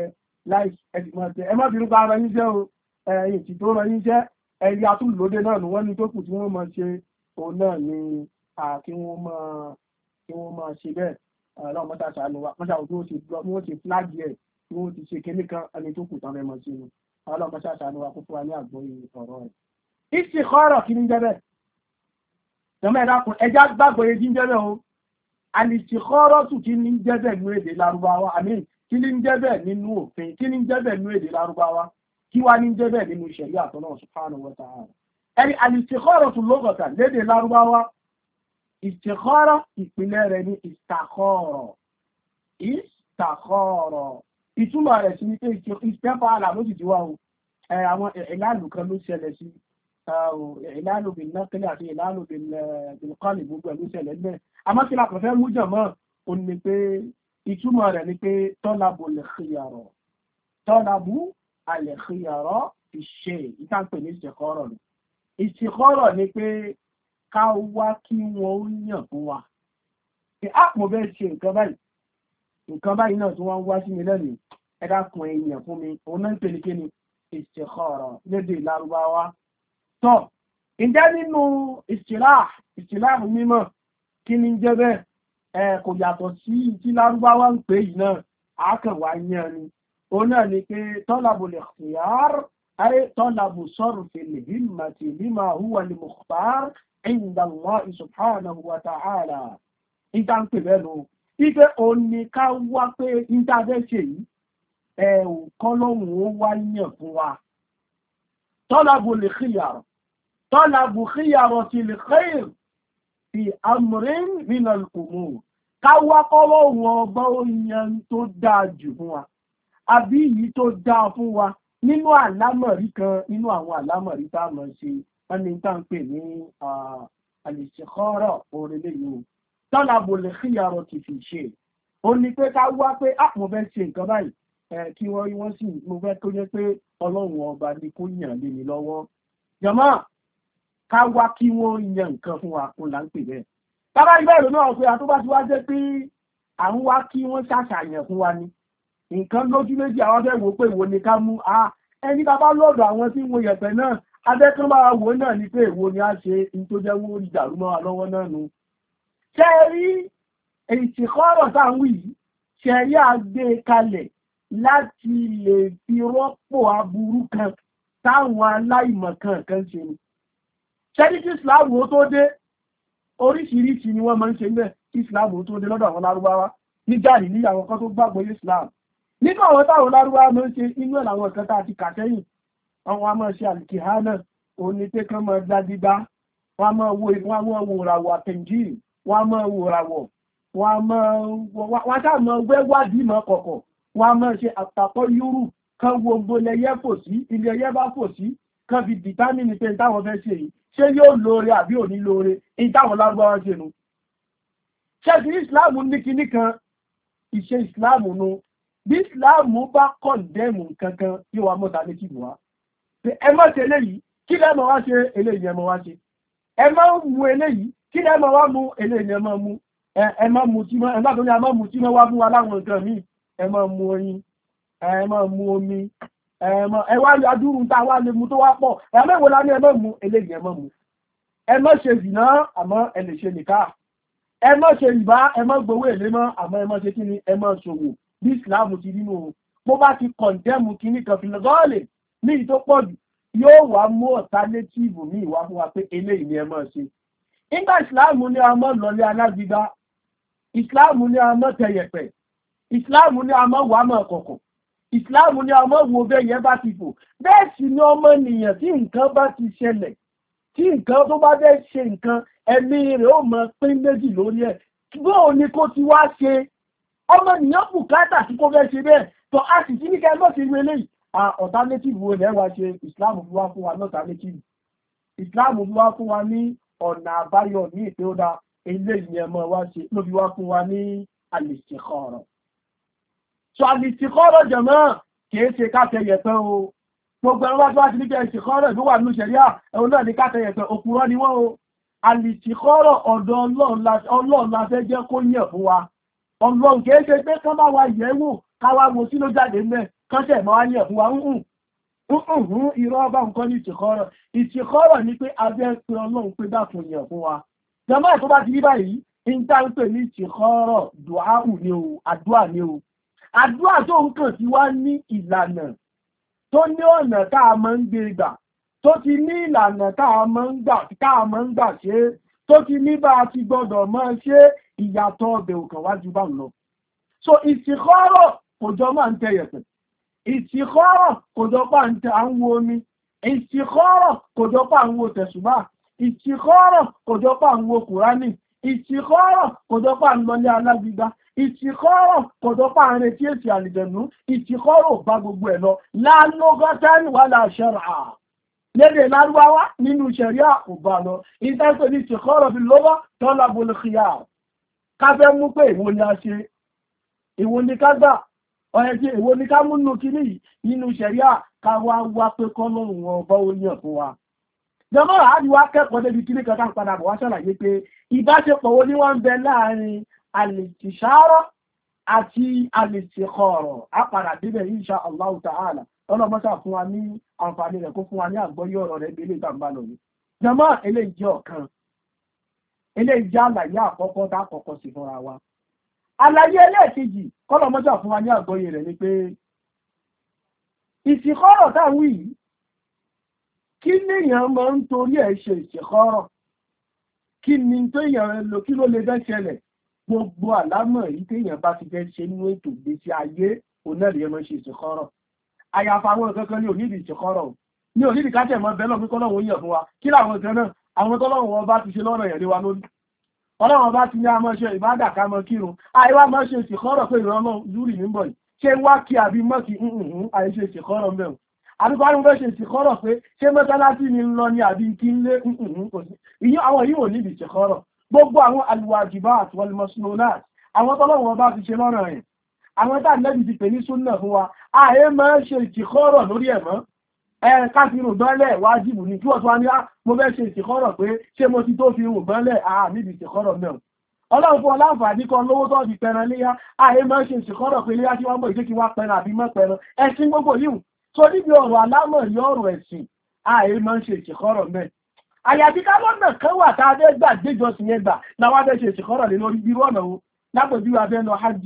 láì ẹ̀sìmọ̀ tẹ ẹ má bínú bá ara yín jẹ́ o ẹ̀yìn tí tó rán yín jẹ́ ẹ̀yẹ atúlòdé náà ni wọ́n ní tó kù tí wọ́n máa ṣe òun náà ni kí wọ́n máa ṣe bẹ́ẹ̀ ọlọ́run mọ́ta ṣàánú wa mọ́ta òbí wọ́n ti blọ́ wọ́n ti fúláàgì ẹ̀ wọ́n ti ṣe kinní kan ẹni tó kù tán fẹ́ mọ̀ sí ni ọlọ́run mọ́ta ṣàánú wa kó fún wa ní àgbọ́yé ọ̀rọ̀ rẹ̀. ìsìnkọ́rọ̀ kí ni jẹ́ bẹ́ẹ̀ jọmọ́ ẹ̀dá kun ẹja gbàgbọ́ yẹn jíjẹ́ alìsìkọ́rọ́tù kí ní jẹ́bẹ̀ nú èdè lárúbáwá àmín kí ní jẹ́bẹ̀ nínú òfin kí ní jẹ́bẹ̀ nú èdè lárúbáwá kí wá ní jẹ́bẹ̀ nínú ìṣẹ̀lẹ̀ àtọ́nà subhanahu wa ta'ala ẹni alìsìkọ́rọ́tù lọ́gọ̀tà lédè lárúbáwá ìsìkọ́rọ́ ìpínlẹ̀ rẹ̀ ní ìsàkọ́rọ̀ ìsàkọ́rọ̀ ìtumọ̀ rẹ̀ sí ní pé ìsẹ́fà àlà ló sì ti wá o àwọn ìlànà kan ló ṣẹlẹ̀ sí i ìlànà bíi nákìlẹ̀ àti ìlànà bíi kọ́ọ̀lì gbogbo ẹ̀lú ìṣẹ̀lẹ̀ ń bẹ̀. àmọ́ kí lápò fẹ́ mú jọ̀mọ́ ò ní pé ìtumọ̀ rẹ̀ ni pé tọ́làbù lè khiyarọ̀ tọ́làbù àlè khiyarọ̀ ìṣe ìtànpẹ̀ ní ìṣèkọ́rọ̀ ni. ìṣèkọ́rọ̀ ni pé ká wá kí wọ́n ó yàn fún wa. ṣe á ah, mo ṣe nǹkan báyìí nǹkan báyìí náà tí wọ́n wá sí mi lẹ́nu ẹ̀dá tọ́ ìjẹ́ nínú ìsìláà mímọ̀ kí ni jẹ́ bẹ́ẹ̀ ẹ̀ kò yàtọ̀ sí tí lárúbáwá ń pè yìí náà àákànwá yẹn ni ó náà ni pé tọ́làbù lè khiyar ayé tọ́làbù sarfi lè himmati lima ó wá yàn fún wa. طلب الخيار طلب خيارة الخير في أمر من الأمور káwá kọ́wọ́ wọn ọgbọ́ oyan tó dáa jù fún wa àbí yìí tó dáa fún wa nínú àlámọ̀rí kan nínú àwọn àlámọ̀rí tá a mọ̀ ṣe ẹni tá ń pè ní àlìṣekọ́rọ̀ orílẹ̀ yìí tọ́lá bolẹ̀ ti fi ṣe ó ní pé ká wá pé àpò ah, fẹ́ ṣe nǹkan báyìí kí wọ́n rí wọ́n sì mo fẹ́ tó jẹ́ pé ọlọ́run ọba ni kó yàn lé mi lọ́wọ́ jọmọ́ ká wá kí wọ́n yan nǹkan fún wa kún là ń pè bẹ́ẹ̀ bàbá ibẹ̀ ìlú náà pé àtúbà tí wá jẹ́ pé àwọn wá kí wọ́n ṣàṣàyàn fún wa ni nǹkan lójú méjì àwọn fẹ́ wò pé wo ni ká mú a ẹni bàbá lọ́dọ̀ àwọn tí wọ́n yẹ̀pẹ̀ náà adẹ́kán bá wò náà ni pé èwo ni a ṣe ní tó jẹ́ wọ́n rí dàrú mọ́ wa lọ́wọ́ náà nu ṣe rí èyí tí kọ́rọ̀ táwọn kalẹ̀ láti lè fi rọ́pò aburú kan táwọn aláìmọ̀kan kan ṣe ni. ṣẹ́díkì islam ó tó dé oríṣiríṣi ni wọ́n máa ń ṣe mẹ́ islam ó tó dé lọ́dọ̀ àwọn lárúbáwá níjàrí ní àwọn kan tó gbàgbọ́ islam nínú àwọn táwọn lárúbáwá máa ń ṣe inú ẹ̀ làwọn kan tá a ti kà sẹ́yìn àwọn a máa ṣe àlìkìhánà òní pé kán máa dá dídá wọ́n máa wo ìràwọ̀ àtẹ̀jì wọ́n máa wo ìràwọ̀ wọ́n máa wẹ́wádìí wọ́n a máa ṣe àtàkọ́ yúrù kan gbogbo lẹyẹ fò sí ilé ẹyẹ bá fò sí kan fi dìtámìnì pé táwọn fẹ́ ṣe yìí ṣé yóò lóore àbí ò ní lóore in táwọn lágbára ṣe nu ṣẹ́ẹ̀tì ìsìláàmù ní kinní kan ìṣe ìsìláàmù nu bí ìsìláàmù bá kọ̀ǹdẹ́mù kankan yóò wá mọ́ta ní kìlú wa ẹ má ṣe eléyìí kí lẹ́mọ̀ wá ṣe eléyìí ẹmọ wá ṣe ẹ má mú eléyìí kí lẹ́mọ̀ wá mú eléyìí ẹmọ mú ẹ má mú tí mọ́ ẹ má tó ní a má mú tí mọ́ wá fún wa láwọn nǹkan míì ẹ máa mu oyin ẹ máa mu omi ẹ wá lè adúrú tá a wá lè mu tó wá pọ̀ ẹ mẹ́wòó la ní ẹ máa mu eléyìí ẹ máa mu ẹ má ṣe zìnà àmọ́ ẹ lè ṣe nìka ẹ má ṣe ìbá ẹ má gbowó èlé mọ́ àmọ́ ẹ má ṣe kíni ẹ má ṣòwò bí Islam ti nínú o bó bá ti kọ̀ǹdẹ́mù kíní kan fi lọ́ọ̀lẹ̀ ní ìtó pọ̀ jù yóò wá mú ọ̀tá létíìbù ní ìwà fún wa pé eléyìí ni ẹ máa ṣe nígbà Islam ni a mọ́ lọlé alágbígbá Islam ni a mọ́ tẹ̀yẹ̀pẹ̀ ìsìláàmù ní ọmọ wà mọ̀ kọ̀kọ̀ ìsìláàmù ní ọmọ wo bẹ́ẹ̀ yẹn bá ti fò bẹ́ẹ̀ sì ni ọmọ nìyàn tí nǹkan bá ti ṣẹlẹ̀ tí nǹkan tó bá fẹ́ ṣe nǹkan ẹ̀mí rẹ̀ ó mọ pín méjì lórí ẹ̀ bóò ni kó ti wá ṣe ọmọ nìyàn bùkátà tí kò fẹ́ ṣe bẹ́ẹ̀ tó a sì ti ní kẹ́ mọ́ sí irú eléyìí alternative wo lẹ́wà ṣe ìsìláàmù fi wá fún wa ní alternative ìsìláàmù fi wá fún wa ní ọ̀nà àbáyọ ní ìpé ó dá eléyìí ẹ̀mọ́ ṣe ló fi wá fún wa ní al-istikhara so alìsìkọ́rọ̀ jẹ̀mọ́ kìí ṣe káṣẹyẹ̀ tán o gbogbo ẹ̀rọ wájú wájú níbi ìsìkọ́rọ̀ ìlú wà ní ìṣẹ̀ríà ẹ̀hùn náà ní káṣẹyẹ̀ tán òkúrọ́ ni wọ́n o alìsìkọ́rọ̀ ọ̀dọ̀ ọlọ́run la fẹ́ jẹ́ kó yẹ̀ fún wa ọlọ́run kìí ṣe pé kán bá wa yẹ̀ wò káwa wo sí ló jáde mẹ́ kánṣẹ̀ mọ́ wá yẹ̀ fún wa hùn hùn irọ́ ọba nǹkan ní ìsìkọ́rọ̀ ìsìkọ́rọ̀ ni àdúrà tó ń kàn sí wá ní ìlànà tó ní ọ̀nà tá a máa ń gbé gbà tó ti ní ìlànà tá a máa ń gbà ṣe tó ti ní bá a ti gbọ́dọ̀ máa ṣe ìyàtọ̀ ọbẹ̀ òkàn wájú bá lọ. so ìsìkọ́rọ̀ kò jọ máa ń tẹ yẹ̀pẹ̀ ìsìkọ́rọ̀ kò jọ pa ń wo omi ìsìkọ́rọ̀ kò jọ pa ń wo tẹ̀sùbá ìsìkọ́rọ̀ kò jọ pa ń wo kùránì ìsìkọ́rọ̀ kò jọ pa ń lọlé alágbígbá ìtìkọ́rọ̀ kọ̀dọ́pá àárín tí èsì àlìjẹ̀nú ìtìkọ́rọ̀ bá gbogbo ẹ̀ lọ lálọ́gọ́tán wà láṣẹ́rà lédè lárúbáwá nínú ṣẹ̀ríà kò bá lọ ìtẹ́sọ̀ ní ìtìkọ́rọ̀ bí lọ́wọ́ tọ́lá bolokìyà káfẹ́ mú pé ìwo ni a ṣe ìwo ni ká gbà ọ̀yẹ́ tí ìwo ni ká múnú kiri nínú ṣẹ̀ríà ká wá pé kọ́lọ́run ọba wa jọmọ́ àádìí wá kẹ́kọ̀ọ́ débi kiri alìtìṣàrọ̀ àti alìtìkọ̀ọ̀rọ̀ apàdà bíbẹ̀ insha Allah ta'ala ọlọ́mọ́sà fún wa ní àǹfààní rẹ̀ kó fún wa ní àgbọ́yé ọ̀rọ̀ rẹ̀ bí ilé ìtàǹbà lòní jọmọ́ eléyìí jẹ́ ọ̀kan eléyìí jẹ́ àlàyé àkọ́kọ́ tá àkọ́kọ́ sí fúnra wa àlàyé ẹlẹ́ẹ̀kejì kọ́lọ́mọ́sà fún wa ní àgbọ́yé rẹ̀ ni pé ìsìkọ́rọ̀ táwọn yìí kí nìyàn máa ń torí ẹ̀ ṣe ìsìkọ́rọ̀ kí ni tó yàn lò kí ló lè bẹ́ ṣẹlẹ̀ gbogbo àlámọ̀ èyí téèyàn bá ti fẹ́ ṣe nínú ètò ìgbésí ayé onáàlì ẹmọ ṣe ìṣẹ̀kọ́rọ̀ àyàfà àwọn kankan ní onídìí ìṣẹ̀kọ́rọ̀ ní onídìí kájẹ̀ mọ́ bẹ́lọ̀ pé kọ́lọ́wọ́ yẹ̀ fún wa kí làwọn kan náà àwọn tọ́lọ́wọ́ wọn bá ti ṣe lọ́rọ̀ yẹ̀ lé wa lórí ọlọ́wọ́ bá ti ní a mọ́ ṣe ìbádà ká mọ́ kírun àìwá mọ́ ṣe ìṣẹ̀kọ́rọ̀ pé ìrànlọ́ lúrì ń bọ̀ ṣé wá kí àbí mọ́ kí àìṣe ìṣẹ̀kọ́rọ̀ mẹ́rin àbíkọ́ àrùn fẹ́ ṣe ìṣẹ̀kọ́rọ̀ pé gbogbo àwọn alwajibat wal masnunat àwọn tọ́lọ́wọ́ bá fi ṣe lọ́rọ̀ ẹ̀ àwọn tá nẹ́bì ti pè ní súnnà fún wa ààyè máa ń ṣe ìtìkọ́rọ̀ lórí ẹ̀mọ́ ẹ̀rẹ̀ káfí rùn gbọ́nlẹ̀ wájìbù ní kí ọ̀tọ́ ní mo fẹ́ ṣe ìtìkọ́rọ̀ pé ṣé mo ti tó fi rùn gbọ́nlẹ̀ àmìbì ah, ìtìkọ́rọ̀ náà ọlọ́run fún ọláǹfààní kan lówó tó ti pẹran léyá ààyè máa àyàfi ká kan wà tá a fẹ́ gbà gbéjọ sí yẹn gbà láwọn abẹ́ ṣe ìṣèkọ́rọ̀ lé lórí irú ọ̀nà wo lápòjú abẹ́ lọ hajj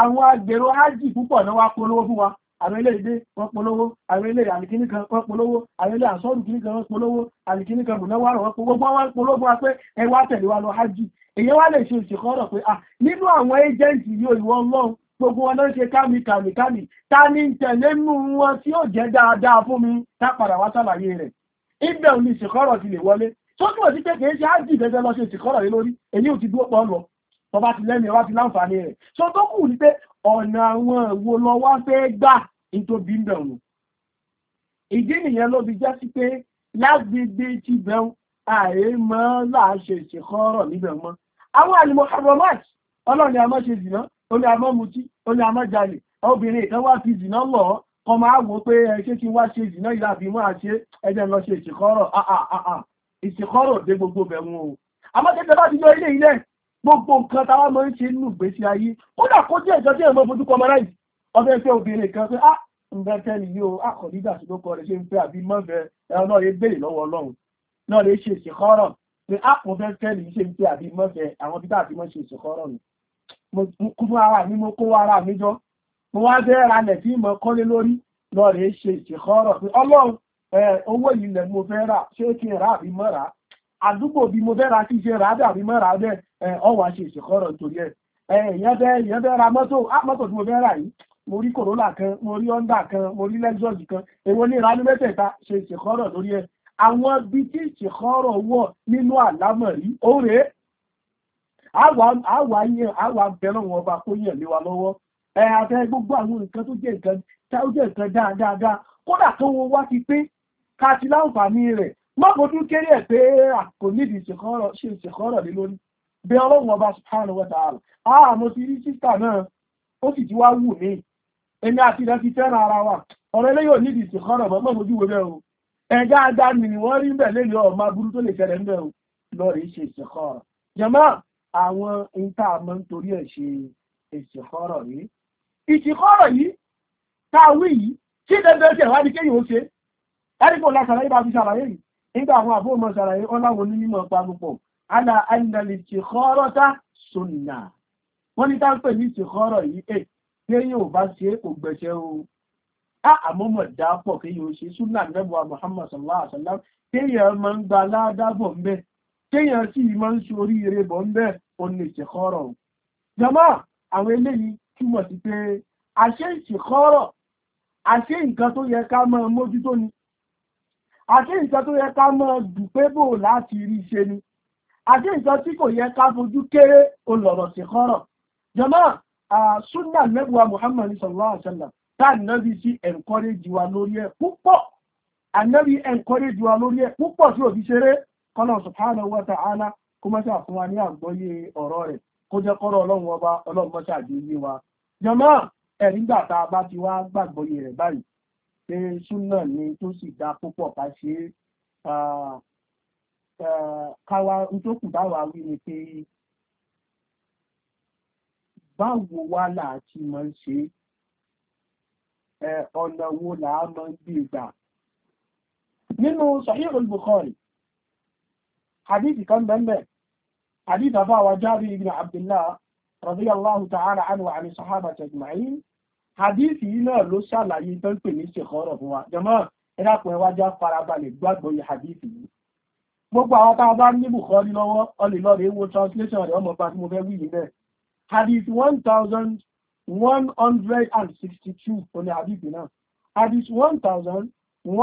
àwọn agbèrò hajj púpọ̀ náà wá polówó fún wa àwọn ilé ìdé wọ́n polówó àwọn ilé àlìkíní kan wọ́n polówó àwọn ilé àsọ́rù kíní kan wọ́n polówó àlìkíní kan bùnà wàrọ̀ wọ́n polówó wọ́n polówó wa pé ẹ wá tẹ̀lé wa lọ hajj èyí wá lè ṣe ìṣèkọ́rọ̀ pé ah nínú àwọn éjẹ́ǹtì yóò ìwọ ọlọ́run gbogbo wọn lọ́n ṣe kámi kàmìkàmì ta ni ń tẹ̀lé nù wọn tí ó jẹ́ dáadáa fún mi tá padà wá sàlàyé rẹ̀ ibẹ̀ òní ìṣèkọ́rọ̀ ti lè wọlé tó kí wọ́n ti pé kìí ṣe á jì ìdẹ́jẹ́ lọ ṣe ìṣèkọ́rọ̀ yìí lórí èyí ò ti dúró pọ̀ lọ tó bá ti lẹ́nu ẹwà ti láǹfààní rẹ̀ so tó kù ní pé ọ̀nà àwọn èwo lọ wá fẹ́ gbà ní tó bí ń bẹ̀ wò ìdí nìyẹn ló fi jẹ́ sí pé lágbègbè ti bẹ̀ ààrẹ mọ́ láàṣẹ ìṣèkọ́rọ̀ níbẹ̀ mọ́ àwọn àlùmọ̀ harromat ọlọ́ni àmọ́ ṣe zìnà ó ní àmọ́ mutí ó ní àmọ́ jalè obìnrin ìkan wá fi zìnà lọ́ọ́ kọ máa wò pé ẹṣẹ́ kí wá ṣe ìdìná ìlàbí máa ṣe ẹjẹ́ lọ ṣe ìṣìkọ́rọ̀ ah, ah, ah, ìṣìkọ́rọ̀ dé gbogbo bẹ̀rún o àmọ́tẹ́tẹ́ bá ti yọ ilé ilẹ̀ gbogbo nǹkan táwa máa ń ṣe nínú ìgbésí ayé ó dà kó jẹ́ ìjọ tí èèmọ́ fojú ah kọ mo wá bẹ́ẹ̀ ra lẹ̀ tí mo kọ́lé lórí lọ rẹ̀ ṣe ìṣèkọ́rọ̀ pé ọlọ́run owó ilẹ̀ mo fẹ́ rà ṣé kí n rà àbí mọ́ rà àdúgbò bí mo fẹ́ ra kí n ṣe rà àbí mọ́ rà bẹ́ẹ̀ ọwọ́ àṣe ìṣèkọ́rọ̀ nítorí ẹ̀ èèyàn bẹ́ẹ̀ ra mọ́tò mọ́tò tí mo fẹ́ rà yìí mo rí Corolla kan mo rí Honda kan mo rí Lexus kan èwo ní ìranú mẹ́tẹ̀ẹ̀ta ṣe ìṣèkọ́rọ̀ lórí ẹ̀ àwọn bí tí ìṣèkọ́rọ̀ wọ̀ nínú àlámọ̀ rí ó rèé àwa yẹn àwa bẹ̀rẹ̀ wọn ọba kó yẹ̀ lé wa lọ́wọ́ ẹ àtẹ gbogbo àwọn nǹkan tó jẹ́ nǹkan tó jẹ́ nǹkan dáadáa kódà tó wọ́n wá ti pé ká ti láǹfààní rẹ̀ má fojú kéré ẹ̀ pé kò nídìí ṣe ìṣèkọ́rọ̀ lé lórí bí ọlọ́run ọba subhanahu wa ta'ala àà mo ti rí sísà náà ó sì ti wá wù mí èmi àti ìdá ti fẹ́ràn ara wa ọ̀rọ̀ eléyìí ò nídìí ìṣèkọ́rọ̀ mọ́ mọ́ fojú wẹ́rẹ́ o ẹ̀dá adámi ni wọ́n rí ń bẹ̀ lélẹ̀ ọmọ aburú tó lè fẹ́rẹ̀ ń bẹ̀ o lọ́ọ̀rì ṣe ìṣèkọ́rọ̀ jẹ́mọ́ àwọn ìta àmọ́ nítorí ẹ̀ ṣe ìṣèkọ́rọ̀ rèé ìṣìkọ́rọ̀ yìí táwí yìí tí dandan ṣe ìwádìí kéyìn ó ṣe ẹ́ríkò lásàlàyé bá fi ṣàlàyé yìí nígbà àwọn àbúrò mọ̀ ṣàlàyé ọláwọn sunna wọ́n ní táńpẹ̀ ní ìṣìkọ́rọ̀ yìí ẹ̀ eh, kéyìn ò bá ṣe sunna nẹ́bùwà Muhammad sallallahu alaihi wasallam kéyìn máa ń gba ládàbọ̀ mbẹ́ kéyìn sì máa jama àwọn eléyìí túmọ̀ sí pé àṣẹ ìṣèkọ́rọ̀ àṣẹ nǹkan tó yẹ ká máa mójútó ni àṣẹ nǹkan tó yẹ ká máa dùpé bò láti rí ṣe ni àṣẹ nǹkan tí kò yẹ ká fojú kéré olọ̀rọ̀ ṣèkọ́rọ̀ jọmọ́ sunna nẹ́bùwa Muhammad sallallahu alaihi wasallam tá ànábi sí encourage wa lórí ẹ̀ púpọ̀ ànábi encourage wa lórí ẹ̀ púpọ̀ tí òbí ṣeré kọ́nà subhanahu wa ta'ala kó mọ́ṣáà fún wa ní àgbọ́yé ọ̀rọ̀ rẹ̀ kó jẹ́ kọ́rọ̀ ọlọ́run ọba ọlọ́run mọ́ṣáà dé yé wa jọmọ́ ẹ̀rígbà tá a bá ti wá gbàgbọ́yé rẹ̀ báyìí pé súnà ni tó sì dá púpọ̀ ká ṣe é káwa tó kù dáwà wí ni pé báwo wá làá ti máa ń ṣe é ọ̀nà wo làá máa ń gbé gbà nínú Sahih al-Bukhari hadithi kan bẹ́ẹ̀ hadithi àbáwá Jabir ibn Abdullah radiyallahu ta'ala anhu wa ani sahaba tajma'in hadithi yìí náà ló ṣàlàyé tó ń pè ní ṣèkọ́rọ̀ fún wa jọmọ́ ẹ̀dàpọ̀ ẹwájá farabalẹ̀ gbàgbọ́ yìí hadithi yìí gbogbo àwọn tá a bá ní Bukhari lọ́wọ́ ọlẹ́lọ́rẹ̀ hadith one thousand one hundred and sixty two oní hadith náà hadith thousand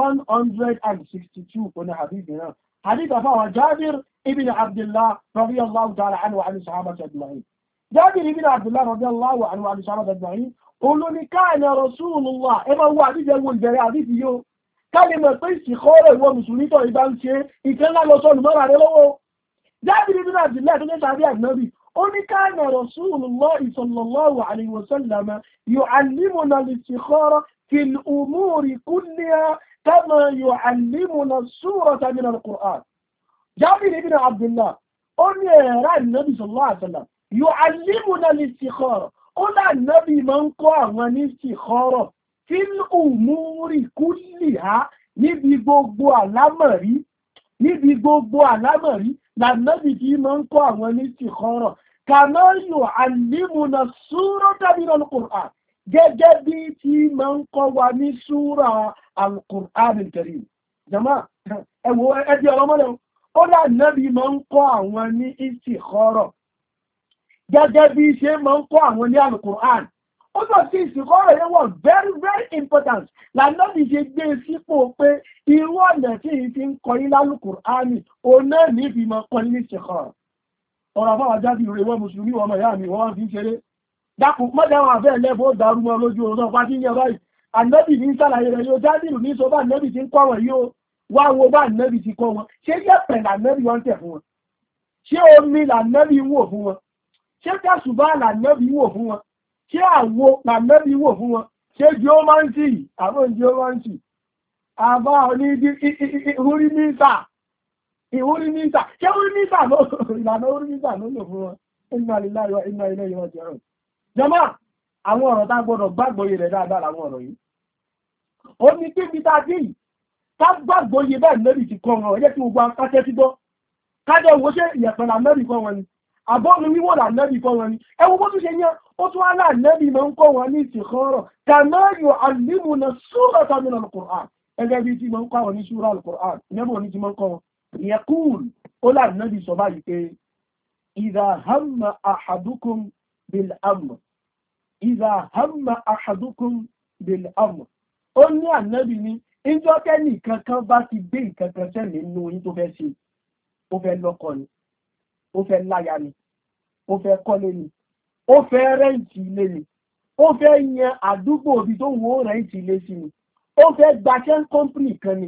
one hundred and sixty two oní hadith náà hadith àfọwọ́ Jabir ibn Abdullah radiyallahu ta'ala anhu wa ani sahaba tajma'in jábìrì bí Abdullah radiyallahu anhu àdìsára dàgbàrí olóníkáàlẹ̀ Rasulullah ẹmọ owó àdíjẹ wo ìbẹ̀rẹ̀ àdíjì yóò káàlẹ̀ mọ̀ pé ìsìnkọ́rọ̀ ìwọ mùsùlùmí tọ̀ ìbá ń ṣe ìkẹ́ ńlá lọ sọ́nù mọ́ra rẹ lọ́wọ́ jábìrì bí Abdullah tó jẹ́ sàbí àgbẹ̀bì oníkáàlẹ̀ Rasulullah sallallahu alaihi wasallam yu'allimuna yóò alímúnà ní ìsìkọ́rọ̀ ó lànàbí máa ń kọ́ àwọn ní ìsìkọ́rọ̀ tí òmùrì kúlì ha níbi gbogbo àlámọ̀rí níbi gbogbo àlámọ̀rí lànàbí tí máa ń kọ́ àwọn ní ìsìkọ́rọ̀ kàmá yóò alímúnà súrọ́ dábìnà al-Qur'an gẹ́gẹ́ bí tí máa ń kọ́ wa ní súrà al-Qur'an al-Karim jama ẹ̀wọ̀ ẹ̀dí ọ̀rọ̀ mọ́lẹ̀ ó lànàbí máa ń kọ́ àwọn ní ìsìkọ́rọ̀ gẹ́gẹ́ bí ṣe máa ń kọ́ àwọn ní alukur'an ó sọ sí ìsìnkọ́rọ̀ yẹn wọ̀ very very important lànàbì ṣe gbé e sípò pé irú ọ̀nà tí yìí fi ń kọrí lálùkùránì òun náà ní ìfi máa kọrí ní ìṣẹ̀kọ̀rọ̀ ọ̀rọ̀ àfáwà jáde ìrè wọn mùsùlùmí wọn ọmọ ìyá mi wọn wá fi ń ṣeré dákun mọ́jà wọn àfẹ́ ẹlẹ́fọ́ dàrú mọ́ lójú ọ̀rọ̀ náà pàtí yẹn báyìí ànàbì ní sàlàyé rẹ̀ yóò jáde ìrù ní sọ bá ànàbì ti ń kọ́ wọn yóò wá wo bá ànàbì ti kọ́ wọn ṣé yẹ̀pẹ̀ lànàbì wọn tẹ̀ fún wọn ṣé omi lànàbì wò fún wọn ṣé tàṣùbá lànàbí wò fún wọn ṣé àwo lànàbí wò fún wọn ṣé geomancy àwọn geomancy àbá òní di ìwúrí mítà ìwúrí mítà ṣé wúrí mítà ló ìlànà wúrí mítà ló lò fún wọn inú àlìláyọ inú ilé ìwọ jẹrọ jọmọ àwọn ọ̀rọ̀ tá gbọ́dọ̀ gbàgbọ́ yìí rẹ dáadáa làwọn ọ̀rọ̀ yìí ó ní kíbi tá a dín yìí ká gbàgbọ́ yìí bẹ́ẹ̀ lórí ti kọ́ wọn ọ̀yẹ́ tí gbogbo akásẹ́ ti gbọ́ kájọ wo ṣé ìyẹ̀pẹ̀ làmẹ́rì kọ́ wọn ni àbọ́nu wíwọ̀ lànàbì kọ́ wọn ni ẹwọ bó tún ṣe yẹn ó tún wá lànàbì máa ń kọ́ wọn ní ìsìnkọ́rọ̀ kàmáyò àlímù na súrà tàmínà alukur'an ẹgbẹ́ bíi ti máa ń kọ́ wọn ní súrà alukur'an ìyẹn bó ní ti máa ń kọ́ wọn ìyẹn kúùl ó lànàbì sọ báyìí pé ìdá hàmà àhàdùkùn bil amr ìdá àhàdùkùn bil amr ó ní ànàbì ní ìjọ́kẹ́ nìkan bá ti gbé ìkankan sẹ́ni nínú ó fẹ́ láya ni ó fẹ́ kọ́lé ni ó fẹ́ rẹ́ǹtì ilé ni ó fẹ́ yan àdúgbò òbí tó wò ó rẹ́ǹtì ilé sí ni ó fẹ́ gbaṣẹ́ kọ́ńpìnì kan ni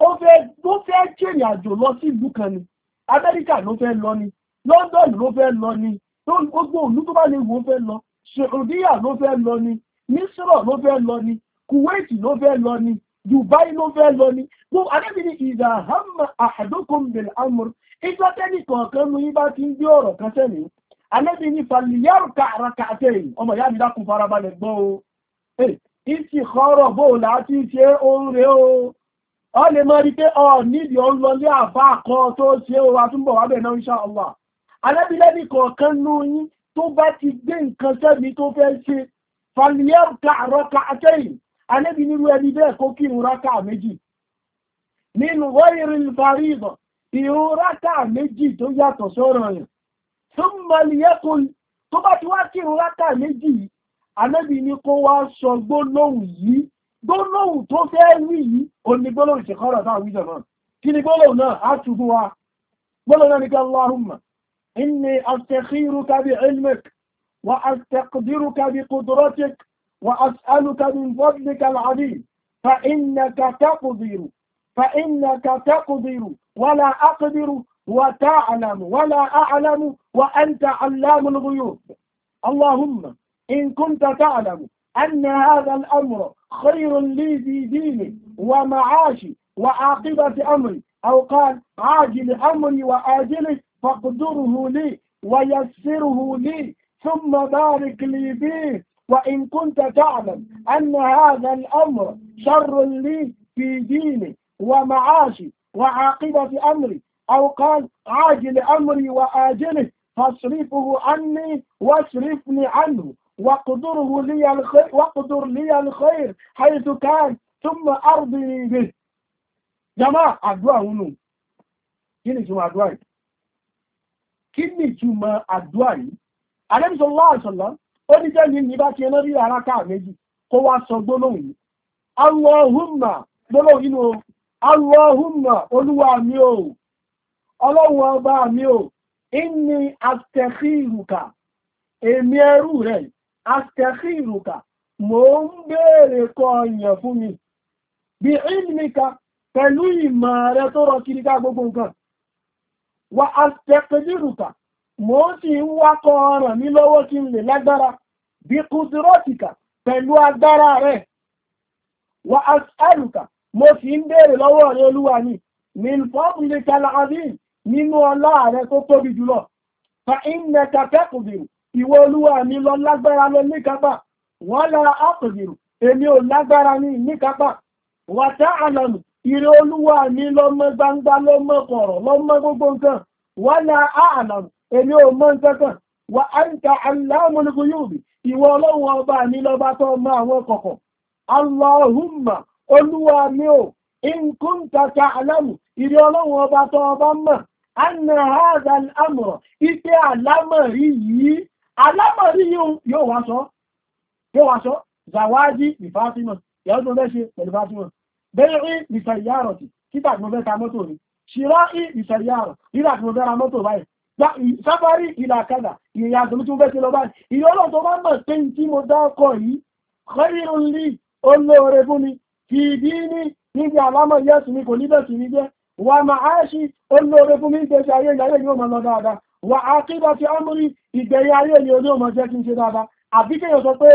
ó fẹ́ ó àjò lọ sí ìlú kan ni Amẹ́ríkà ló fẹ́ lọ ni London ló fẹ́ lọ ni gbogbo òlú tó bá lè wò ó fẹ́ lọ Saudiya ló fẹ́ lọ ni Misra ló fẹ́ lọ ni Kuwait ló fẹ́ lọ ni Dubai ló fẹ́ lọ ni gbogbo adébìnrin ìdá hàmà ahadukum bil ìjọ́tẹ́nì kọ̀ọ̀kan ní bá ti ń gbé ọ̀rọ̀ kan sẹ́ni alẹ́bí ní fàlìyàrùkà àràkà àtẹ́yìn ọmọ ìyá mi dákun farabalẹ̀ gbọ́ o ìtì kọ́rọ̀ bó láti ṣe oore o ọ lè mọ́ rí pé ọ nídìí ọ ń lọ lé àbá àkọ́ tó ṣe o àtúbọ̀ wábẹ̀ náà insha Allah alẹ́bí lẹ́bí kọ̀ọ̀kan ní ẹni bẹ́ẹ̀ kó kírun rákà méjì nínú wọ́n ìrìn ìfarí ìbọn ìhúrákà méjì tó yàtọ̀ sọ́rọ̀ yàn tó mọ̀lẹ́kùn tó bá ti wá kí ìhúrákà méjì anábì ní kó wá sọ gbólóhùn yìí gbólóhùn tó fẹ́ wí yìí ó ní gbólóhùn ìṣẹ̀kọ́rọ̀ táwọn wíjọ náà kí ni gbólóhùn náà á tù fún wa gbólóhùn yii gbolohun to fe ri yii o ni ní ká Allahumma inni astakhiruka bi ilmik wa astaqdiruka bi qudratik wa as'aluka kabi fadlika al-'azim fa innaka taqdiru fa innaka taqdiru ولا أقدر وتعلم ولا أعلم وأنت علام الغيوب اللهم إن كنت تعلم أن هذا الأمر خير لي في ديني ومعاشي وعاقبة أمري أو قال عاجل أمري وآجله فاقدره لي ويسره لي ثم بارك لي فيه وإن كنت تعلم أن هذا الأمر شر لي في ديني ومعاشي وعاقبة أمري أو قال عاجل أمري وآجله فاصرفه عني واصرفني عنه واقدره لي الخير واقدر لي الخير حيث كان ثم أرضي به جماعة أدعى هنا كيني جماعة أدعى كيني جماعة أدعى عليه صلى الله عليه وسلم أولي جاني نبا كينا ريالا كامي قوى صدونه اللهم دلوه Allahumma olúwa mi o, ọlọ́run ọba mi o, inni astekhiruka, èmi ẹrú rẹ̀, astekhiruka, mo ń béèrè kọ ìyàn fún mi. Bí ilmika pẹ̀lú ìmọ̀ rẹ tó rọ kiri ká gbogbo nǹkan. Wa astekhiruka, mo sì ń wákọ̀ ọ̀ràn mi lọ́wọ́ kí n lè lágbára bí kùsìrọ́tìkà pẹ̀lú agbára rẹ̀. Wa as'aluka mo sì ń béèrè lọ́wọ́ rẹ olúwa ni min fọ́bùnlé kalahabi nínú ọlá rẹ tó tóbi jùlọ fa iná kàkẹ́kùnbìrù ìwọ olúwa mi lọ lágbára lọ níkápá wọ́n lára ápùnbìrù èmi ò lágbára ní níkápá wàtá àlànà ìrẹ olúwa mi lọ mọ gbangba lọ mọ kọ̀rọ̀ lọ mọ gbogbo nǹkan wọ́n lára àlànà èmi ò mọ nǹkan wà á ń ta aláàmúlùkù yóò bì ìwọ ọlọ́run ọba mi lọ bá tọ́ mọ àwọn kọ̀kọ̀ Allahumma olúwa mi ò nǹkan tàkà alámù ìrí ọlọ́run ọba tó ọba mọ̀ anna haza amọ̀ ipe alámọ̀rí yìí alámọ̀rí yóò wá sọ yóò wá sọ zawaji ní Fatima yàwó tó fẹ́ ṣe pẹ̀lú Fatima bẹ́ẹ̀rí ní sàyárọ̀tì títà tí mo fẹ́ ta mọ́tò rí ṣírá ì ìsàyárọ̀ nígbà tí mo fẹ́ ra mọ́tò báyìí sáfárí ìlà kádà ìyà àtòmí tí mo fẹ́ lọ báyìí ìyọ́lọ̀ tó bá mọ̀ pé tí mo dákọ̀ yìí kọ́rírun rí olóore fún mi fi ìdí ní níbi àlámọ̀ yẹ́sù ní kò níbẹ̀ sí ní jẹ́ wà máa ṣí olóore fún mi ń tẹ́ṣe ayé ìyáyé ni ó máa lọ dáadáa wà á kí bá ti ọmọrí ìgbẹ̀yìn ayé ni ó ní ó máa jẹ́ kí n ṣe dáadáa àbí kéèyàn sọ pé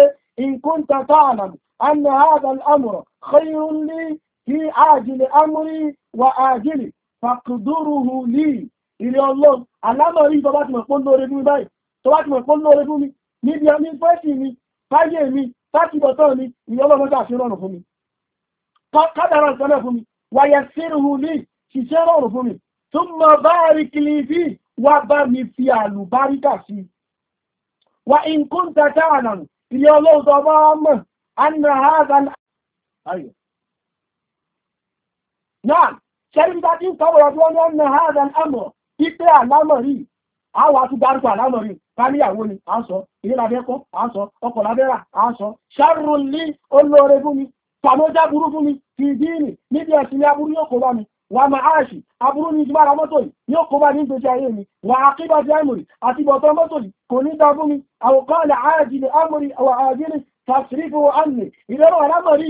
nǹkan tata àlàmù anna hadha al-amr khayrun li fi ajili amri wa ajili faqduruhu fáyé mi fásitì ọ̀tọ̀ mi ìyọ́lọ́mọ́ta àṣírọ̀rùn fún mi kádàrà ìtọ́lẹ̀ fún mi wà yẹ sírùhù ní ṣiṣẹ́ rọrùn fún mi tó mọ báàrí kìlì bí wà bá mi fi àlùbáríkà sí wà nǹkan tàtà ànà ilé olóòtọ́ bá mọ̀ anna hadan ayọ̀ náà ṣẹ́rí bá ti ń kọ́wọ́ ọdún wọn amọ̀ ipe àlámọ̀rí àwọn àtúgbárùkù àlámọ̀rí káníyàwó ni a sọ ilé labẹ́kọ́ a sọ ọkọ̀ labẹ́rà a sọ ṣàrùn ní olóore fún mi tàbójá burú fún mi fi dínì níbi ẹ̀sìn ní aburú yóò kó bá mi wà máa áàṣì aburú ní ìjìbára mọ́tò yìí yóò kó bá ní ìgbésí ayé mi wà àkíbà ti àmùrì àti bọ̀tọ̀ mọ́tò yìí kò ní dá fún mi àwòkọ́lẹ̀ ààjìlẹ̀ àmùrì àwọn ààjìlẹ̀ tàṣírífò àmì ìrẹ́rọ̀ alámọ̀rí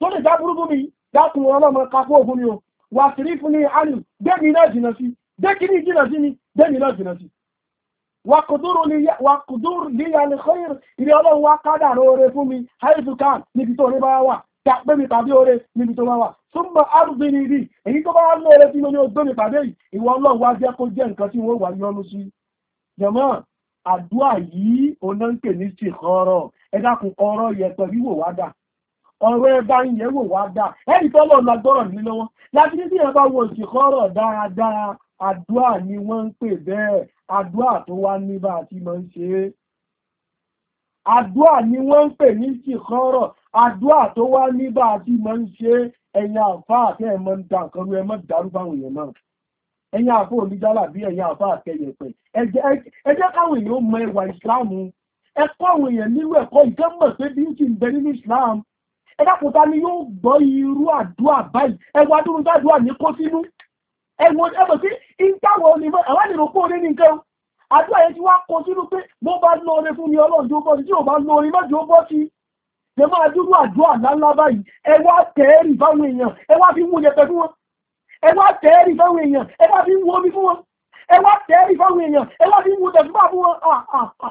tó lè dá burú fún mi dákùn ọlọ́mọ kakó òfin mi o wà sírífù ní àmì gbẹ́mi náà jìnà sí ni gbẹ́mi náà ọlọ́run wá kádà lóore fún mi haifukan níbi tó rí bá wà tí a pé mi pàdé oore níbi tó bá wà súnmọ́ arúgbìnrin rí èyí tó bá wà lóore tí mo ní ogbó mi pàdé yìí ìwọ ọlọ́run wá jẹ́ kó jẹ́ nǹkan tí wọ́n wà yọnu sí jọmọ́ àdúà yìí onáńkè ní ti ọ̀rọ̀ ẹ dákun ọ̀rọ̀ wíwò wá dà ọ̀rọ̀ ẹ̀bá ìyẹn wò wá dà ẹ̀rì tọ́lọ̀ lágbọ́rọ̀ ní lọ́wọ́ láti ní bí ẹ bá wo ìṣìkọ́rọ̀ dáadáa àdúà ni wọ́n ń pè bẹ́ẹ̀ àdúà tó wá ní bá a ti máa ń àdúà ni wọ́n ń pè ní ìsìnkọ́rọ̀ àdúà tó wá ní bá a ti máa ń ṣe ẹ̀yìn àfá àti ẹ̀mọ́ ń da nǹkan rú ẹmọ́ dàrú fáwọn èèyàn náà ẹ̀yìn àfá oníjálà bí ẹ̀yìn àfá àtẹyẹ̀pẹ̀ ẹ jẹ́ káwọn èèyàn mọ ẹwà ìsìláàmù ẹ̀kọ́ àwọn èèyàn nílò ẹ̀kọ́ ìjẹ́mọ̀ pé bí ó ti ń ni yóò gbọ́ irú àdúà báyìí ẹwà dúró dádúà ní kó sínú ẹ̀wọ̀n ẹ̀mọ̀ sí ìtàwọn àwọn ìròpó orí nìkan àdúrà yẹn ti wá kọ sínú pé bó bá lóore fún mi ọlọ́run tó bọ́ sí tí ò bá lóore mọ́jú ó bọ́ sí ṣe máa dúró àdúrà ńláńlá báyìí ẹ wá tẹ́ẹ̀rì fáwọn èèyàn ẹ wá fi wúyẹ pẹ̀ fún wọn ẹ wá tẹ́ẹ̀rì fáwọn èèyàn ẹ wá fi wú omi fún wọn ẹ wá tẹ́ẹ̀rì fáwọn èèyàn ẹ wá fi wú tẹ̀síwá fún wọn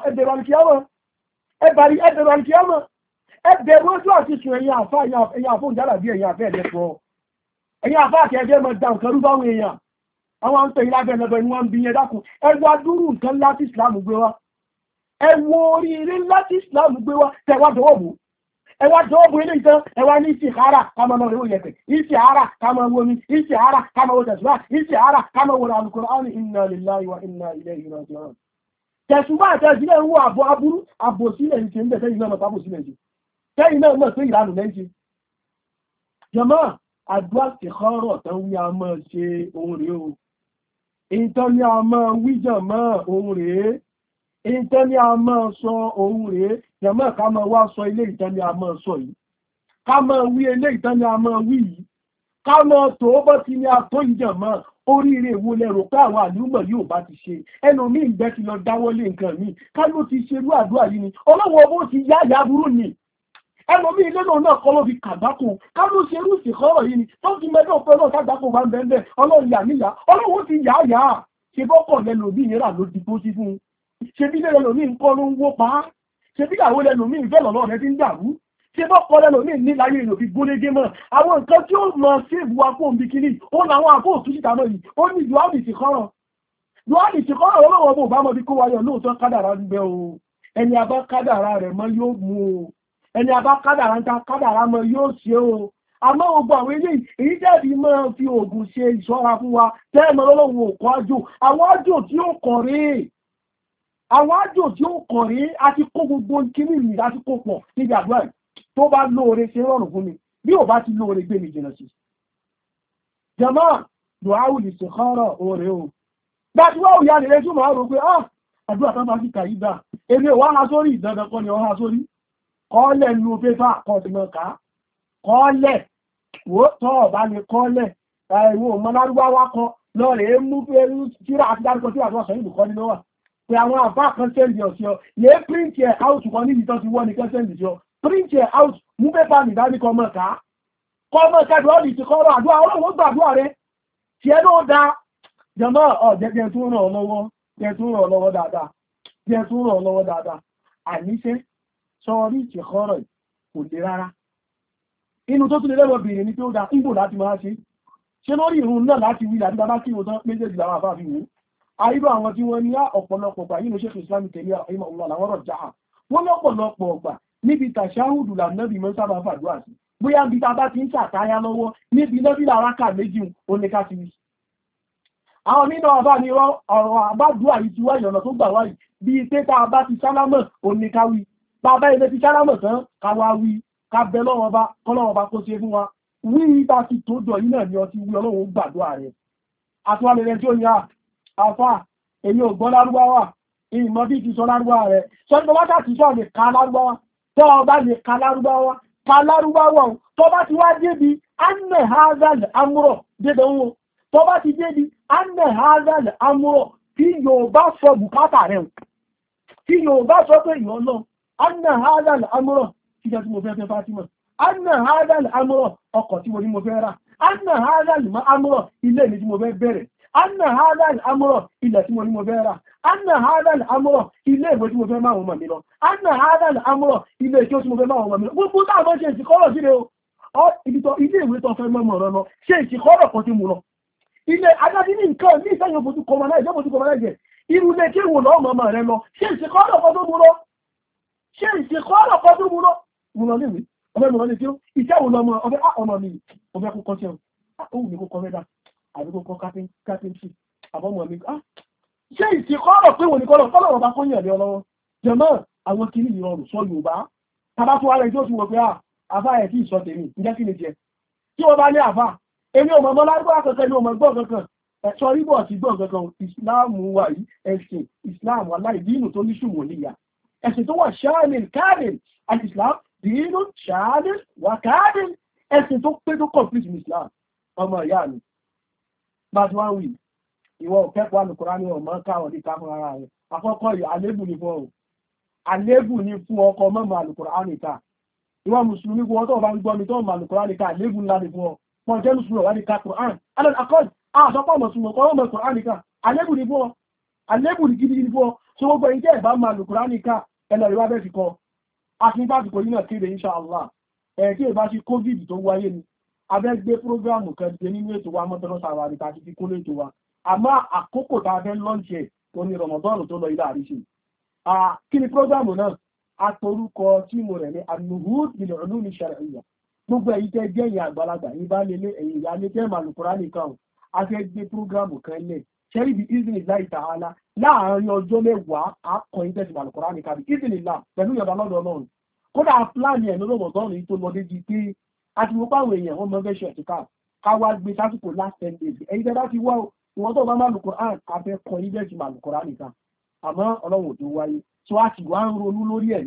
ẹbẹ̀rù àlùkìyàmọ̀ ẹbẹ̀rù àlùkìyàmọ̀ ẹbẹ̀rù ojú àti sùn ẹ̀yìn àfá ẹ̀yìn àfóúnjálàbí ẹ̀yìn àfẹ́ ẹ̀yìn àfá àti àwọn ń pè yí lábẹ́ ẹlẹ́bẹ̀ ni wọ́n ń bí yẹn dákun ẹ wá nǹkan láti islam gbé wá ẹ wo oríire láti islam gbé wá tẹ wá dọwọ́ bò ẹ wá dọwọ́ bò ilé ìtàn ẹ wá ní ìsìkára káma náà rẹwò yẹpẹ ìsìkára káma wo mi ìsìkára káma wo tẹ̀síwá ìsìkára káma wo al-Qur'an inna lillahi wa inna ilayhi raji'un. tẹ̀síwá àtẹ̀sílẹ̀ ń wo àbọ̀ aburú àbòsílẹ̀ ń ṣe ń bẹ̀ tẹ́yìn náà mọ̀ tábòsílẹ̀ ń ṣe tẹ́yìn náà mọ̀ sí ìranù ìtọ́ ní a máa wíjàn mọ́ ohun rèé ìtọ́ ní a máa sọ ohun rèé jẹ̀mọ́ ká máa wá sọ ilé ìtọ́ ní a máa sọ yìí ká máa wí ilé ìtọ́ ní a máa wí yìí ká máa tó bọ́ sí ní ató ìjàmọ́ oríire ìwo lẹ́rọ pé àwọn àlúmọ̀ yóò bá ti ṣe ẹnu mi ìgbẹ́ ti lọ dáwọ́lé nǹkan mi ká ló ti ṣerú àdúrà yìí ni ọlọ́wọ́ bó ti yá ìyá burú ni ẹlòmí ilé náà kọ́ ló fi kàgbákò kánú ṣe irú ìsìnkọ́rọ̀ yìí ni tó fi mẹ́lẹ́ òpin náà ságbákò bá ń bẹ́ẹ̀ ọlọ́run yà níyà ọlọ́run ti yà á yà á ṣe bọ́kọ̀ lẹ́lòmí ìrà ló ti bó sí fún un ṣe bí lẹ́lòmí ń kọ́ ló ń wó pa á ṣe bí àwọn lẹ́lòmí ìfẹ́ lọ́lọ́ rẹ ti ń dàrú ṣe bọ́kọ̀ lẹ́lòmí ní láyé ìlò fi gbólégé mọ́ àwọn nǹkan tí ó mọ ṣéèbù akó òbí kiri ó làwọn àkó òtúnṣìta mọ́ yìí ó ní ìdúwádìí ti kọ́rọ̀ ìdúwádìí ti kọ́rọ̀ ọlọ́wọ́ bó bá mọ́ bí kó wáyọ̀ lóòótọ́ kádàrá ń bẹ o ẹni abá kádàrá rẹ̀ mọ́ yóò mú o ẹni abá kádàrá ń ta kádàrá mọ yóò ṣe o àmọ́ gbogbo àwọn ilé èyí dẹ̀bi máa fi oògùn ṣe ìṣọ́ra fún wa tẹ́ẹ̀mọ́ lọ́lọ́wọ́ òkú ájò àwọn ájò tí ó kàn rí àwọn ájò tí ó kàn rí àti kó gbogbo kíní mi àti kó pọ̀ níbi àdúrà tó bá lóore ṣe rọrùn fún mi bí ò bá ti lóore gbé mi jìnà sí jama duawu lè ṣe kọ́rọ̀ oore o gbàtí wọ́n òyà nìrẹ́jú máa rò pé ah, àdúrà tó máa fi kà yí gbà èmi ò wá ha sórí ìdandan kọ́ ni ọ ha sórí kọ́ọ̀lẹ̀ lu pépà kọ̀dùmọ̀ká kọ́ọ̀lẹ̀ wò tọ́ ọ̀bá ni kọ́ọ̀lẹ̀ ẹ̀wò mọ́lárúbáwá kọ lọ́ọ̀rẹ́ mú pẹ̀lú tíra àti dárúkọ tíra tó sọ̀yìn lùkọ́ nínú wà pé àwọn àbá kan sẹ́ndì ọ̀sẹ̀ ọ yẹ píríǹtì ẹ̀ out kan níbi tó ti wọ́n ní kẹ́ sẹ́ndì ọ píríǹtì ẹ̀ out mú pépà nìdárí kọ́ mọ̀ká kọ́ mọ̀ká tó ọ̀dì ti kọ́rọ̀ àdúrà ọlọ́run gbàdúrà rẹ tiẹ̀ ló da jẹmọ́ ọ̀jẹ̀jẹ̀ tó ràn lọ́wọ́ dáadáa àníṣe sọrí ìṣẹ̀kọ́rọ̀ kò lè rárá inú tó tún lè lẹ́wọ̀ bèèrè ní pé ó dá ìgbò láti máa ṣe ṣe lórí ìrun náà láti wí àti bàbá kí ìwòtán méjèèjì làwọn àfáà fi wò àìrò àwọn tí wọ́n ní ah, ọ̀pọ̀lọpọ̀ gbà yìí ló ṣe ìsìlámù tẹ̀lé ìmọ̀ ọ̀la làwọn rọ̀ jáà wọ́n lọ́pọ̀lọpọ̀ ọgbà níbi tàṣáhùdù lànàbì mọ́ sábà fàdúrà sí bóyá bí ta bá ti ń bàbá ilé ti sáramọ̀ tán káwa wí ká bẹ lọ́wọ́ bá bá kó ṣe fún wa wí bá ti tó dọ̀ yìí náà ni ọtí wí ọlọ́run gbàdúrà rẹ̀ àtúwálẹ̀rẹ̀ tí ó ní àfà èyí ò gbọ́ lárúbáwà ìmọ̀ bí ti sọ rẹ̀ sọ ní bọ́bá tàbí sọ lè ka lárúbáwà tọ́ ọba lè ka anna hadal amúrọ̀ kíjọ tí mo fẹ́ fẹ́ fátímọ̀ anna hadal amúrọ̀ ọkọ̀ tí mo ni mo fẹ́ rà anna hadal amúrọ̀ ilé ni tí mo fẹ́ bẹ̀rẹ̀ anna hadal amúrọ̀ ilẹ̀ tí mo ní mo fẹ́ rà anna hadal amúrọ̀ ilé tí mo fẹ́ máa wọn mọ̀ mi lọ anna hadal amúrọ̀ ilé ìjọ tí mo fẹ́ máa wọn mọ̀ mi lọ gbogbo táwọn ṣe ìsìnkọ́rọ̀ síre o ilé ìwé tó fẹ́ mọ́ mọ̀ rẹ lọ ṣe ìsìnkọ́rọ̀ kan tí mo lọ ilé adájí ní nǹkan ní ìsẹ́yìn òfojú kọmọ náà ìjọ́bòjú kọmọ náà jẹ irú ilé kí ìwò lọ́mọ rẹ lọ ṣe ìsìnkọ́rọ̀ kan tó mú ṣé ìṣe kọ́ọ̀rọ̀ kan tó mú lọ mú lọ léwe ọbẹ̀ mú lọ léwe iṣẹ́ wo lọmọ ọbẹ̀ ah, ọmọ mi ọbẹ̀ kó kọ́ sí ọ̀hún ó wù mí kó kọ́ mẹ́ta àbí kó kọ́ kápẹ́ńtì àbọ̀mọ̀ mi ah. ṣé ìṣe kọ́ọ̀rọ̀ pé wòní kọ́ọ̀rọ̀ kọ́ọ̀rọ̀ bá kó yàn lé ọ lọ́wọ́ jẹ̀mọ́ àwọn kìíní ìrọ̀rùn sọ Yorùbá tàbá fún ara ìjọ́ ti wọ̀ pé à ah, àfá ẹ̀ tí ìsọ tèmi ǹjẹ́ kí ni jẹ tí wọ́n bá ní àfá èmi ò mọ̀mọ́ lárúbáwá kankan ni ò mọ̀ gbọ́ kankan ẹ̀ṣọ́ rígbọ̀ ti gbọ́ kankan ìsìláàmù wà yìí ẹ̀sìn ìsìláàmù aláìdínù tó ní ṣùgbọ́n níyà ẹ̀sìn tó wà ṣáàlì káàdì alìsìlám dìínú ṣáàlì wà káàdì ẹ̀sìn tó pé tó complete ní islam ọmọ ìyá mi bàtí wọ́n wí ìwọ òkẹ́kọ̀ọ́ alùkùrá ní ọmọ káwọn ní káfún ara rẹ̀ àkọ́kọ́ yìí àlébù ní fún ọ àlébù ní fún ọkọ̀ mọ́mọ́ alùkùrá nìka ìwọ mùsùlùmí wọ́n tó bá ń gbọ́ mi tó mọ̀ alùkùrá nìka àlébù ńlá ní fún ọ wọ́n jẹ́ mùsùlùmí wà ní ká kùrán alẹ́ àkọ́jù àṣọpọ̀ mùsùlùmí kọ́ mọ̀ kùrán nìka àlébù ní fún ọ àlébù ní gidi ní fún ọ tó gbọ́ ìjẹ́ ìbá mọ̀ alùkùrá nìka ẹlọ ìwá bẹ́ẹ̀ sì kọ akínbásíkò yìí náà kéde inṣàlá ẹ̀ tí èbá sí covid tó wáyé ni abẹ́gbé prógrámù kan dé nínú ètò wa mọ́tọ́rọ́ sàrà àríta àti ti kólé ètò wa àmọ́ àkókò tá a fẹ́ lọ́ọ̀ṣì ẹ̀ tó ní rọmọdọ́ọ̀nù tó lọ kí ni prógrámù náà atorúkọ tíìmù rẹ̀ ní anuhud bil ulum shar'iyya gbogbo èyí tẹ́ jẹ́ ṣẹ́rí bí ìzìnì láì tààlà láàárín ọjọ́ mẹ́wàá àkọ́ ìtẹ́sì àlùkọ́rá nìkan bí ìzìnì là pẹ̀lú ìyọ̀dà lọ́dọ̀ ọlọ́run kódà pílánì ẹ̀ lọ́dọ̀ ọ̀dọ́run yìí tó lọ dé di pé a ti wọ́pọ̀ àwọn èèyàn wọn mọ fẹ́ ṣe ẹ̀tùkà ká wá gbé sásìkò last ten days ẹ̀yin tẹ́ bá ti wá ìwọ́n tó bá má lùkọ́ àn abẹ́ kọ́ ìtẹ́sì àlùkọ́rá nìkan àmọ́ ọlọ́run ò tó so a ti wá ń ronú lórí ẹ̀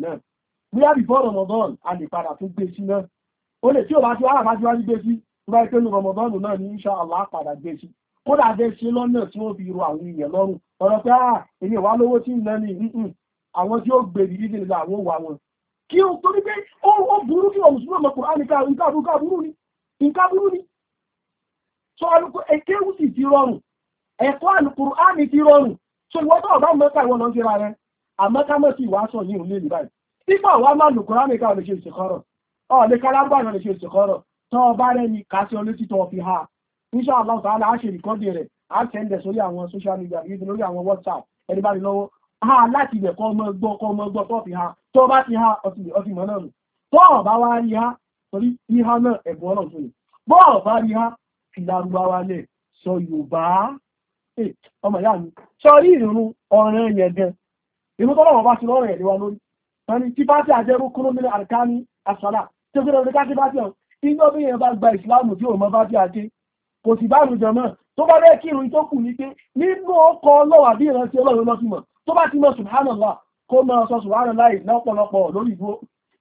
náà before Ramadan a lè padà tún gbé sí náà ó lè tí ò bá ti wá àbájú wá ní gbé sí tó Ramadan náà ní insha Allah padà gbé sí kódà bẹ́ ṣe lọ́nà tí wọ́n fi ro àwọn èèyàn lọ́rùn ọ̀rọ̀ pé àà ah, èmi ìwà lówó tí ń lọ ní ìhùn àwọn tí ó gbèrè yìí nílò àwọn òwà wọn kí o torí pé ó burú kí wọn mùsùlùmí ọmọkùnrin á nìka nǹkan burú ká burú ni nǹkan burú ni sọ alukó èkéwù sì ti rọrùn ẹ̀kọ́ alukùrù á ní ti rọrùn sọ ìwọ tó ọba mẹ́ta ìwọ lọ síra rẹ àmọ́ ká mọ̀ sí ìwà sọ yìí ní ìlú báyìí nígbà wà má insha Allah ta'ala á ṣe ìkọ́dì rẹ̀ á tẹ́ndẹ̀ sórí àwọn social media yìí lórí àwọn WhatsApp ẹni bá rí lọ́wọ́ ha láti ibẹ̀ kọ́ ọmọ gbọ́ kọ́ ọmọ gbọ́ tó fi ha tó bá ti ha ọtí mọ́ náà nù tó ọ̀bá wá rí ha torí ìhá náà ẹ̀bùn ọ̀nà tó yẹ bọ́ ọ̀bá rí ha fi lárúbáwá lẹ̀ sọ Yorùbá ọmọ ìyá mi sọ rí ìrún ọ̀rẹ́ yẹn gan ìrún tó lọ́wọ́ bá ti lọ́rọ̀ ẹ̀lẹ́wà lórí tani tí bá ti àjẹrú kúrò nílẹ̀ àrkáni àṣàlá tó fi rẹ̀ rí ká kò sì bá àrùn jẹmọ́ tó bá rẹ́ kírun tó kù ní pé nínú ọkọ̀ ọlọ́wà bí ìrántí ọlọ́run lọ́kìmọ̀ tó bá ti mọ̀ subhanallah kó mọ̀ sọ subhanallah lọ́pọ̀lọpọ̀ lórí ìgbó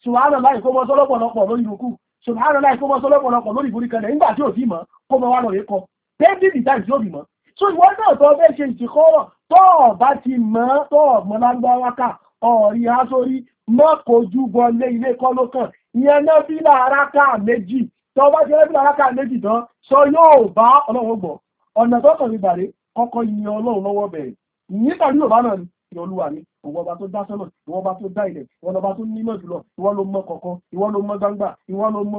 subhanallah kó mọ̀ sọ́lọ́pọ̀lọpọ̀ lórí ìrùkù subhanallah kó mọ̀ sọ́lọ́pọ̀lọpọ̀ lórí ìforí kalẹ̀ nígbà tí ò sí mọ̀ kó mọ̀ wá lọ rẹ̀ kọ david times yóò bì so ìwọ náà tó fẹ́ ṣe ìṣèkọ́rọ̀ tó bá ti mọ̀ tó mọ̀ lágbára ká ọ̀rí aṣórí mọ́ kojú bọ lé ilé kọ́ tó bá jẹ́ ẹbí lára káà méjì onye sọ yóò bá ọlọ́run gbọ́ ọ̀nà tó kàn kọ́kọ́ yin ọlọ́run lọ́wọ́ bẹ̀rẹ̀ nítorí yorùbá náà ni ìyọlúwa ni ìwọ ọba tó dá sọ́nà ìwọ ọba tó dá ilẹ̀ ìwọ ọba tó nímọ̀ jùlọ ìwọ ló mọ kọ̀kan ìwọ ló mọ gbangba ìwọ ló mọ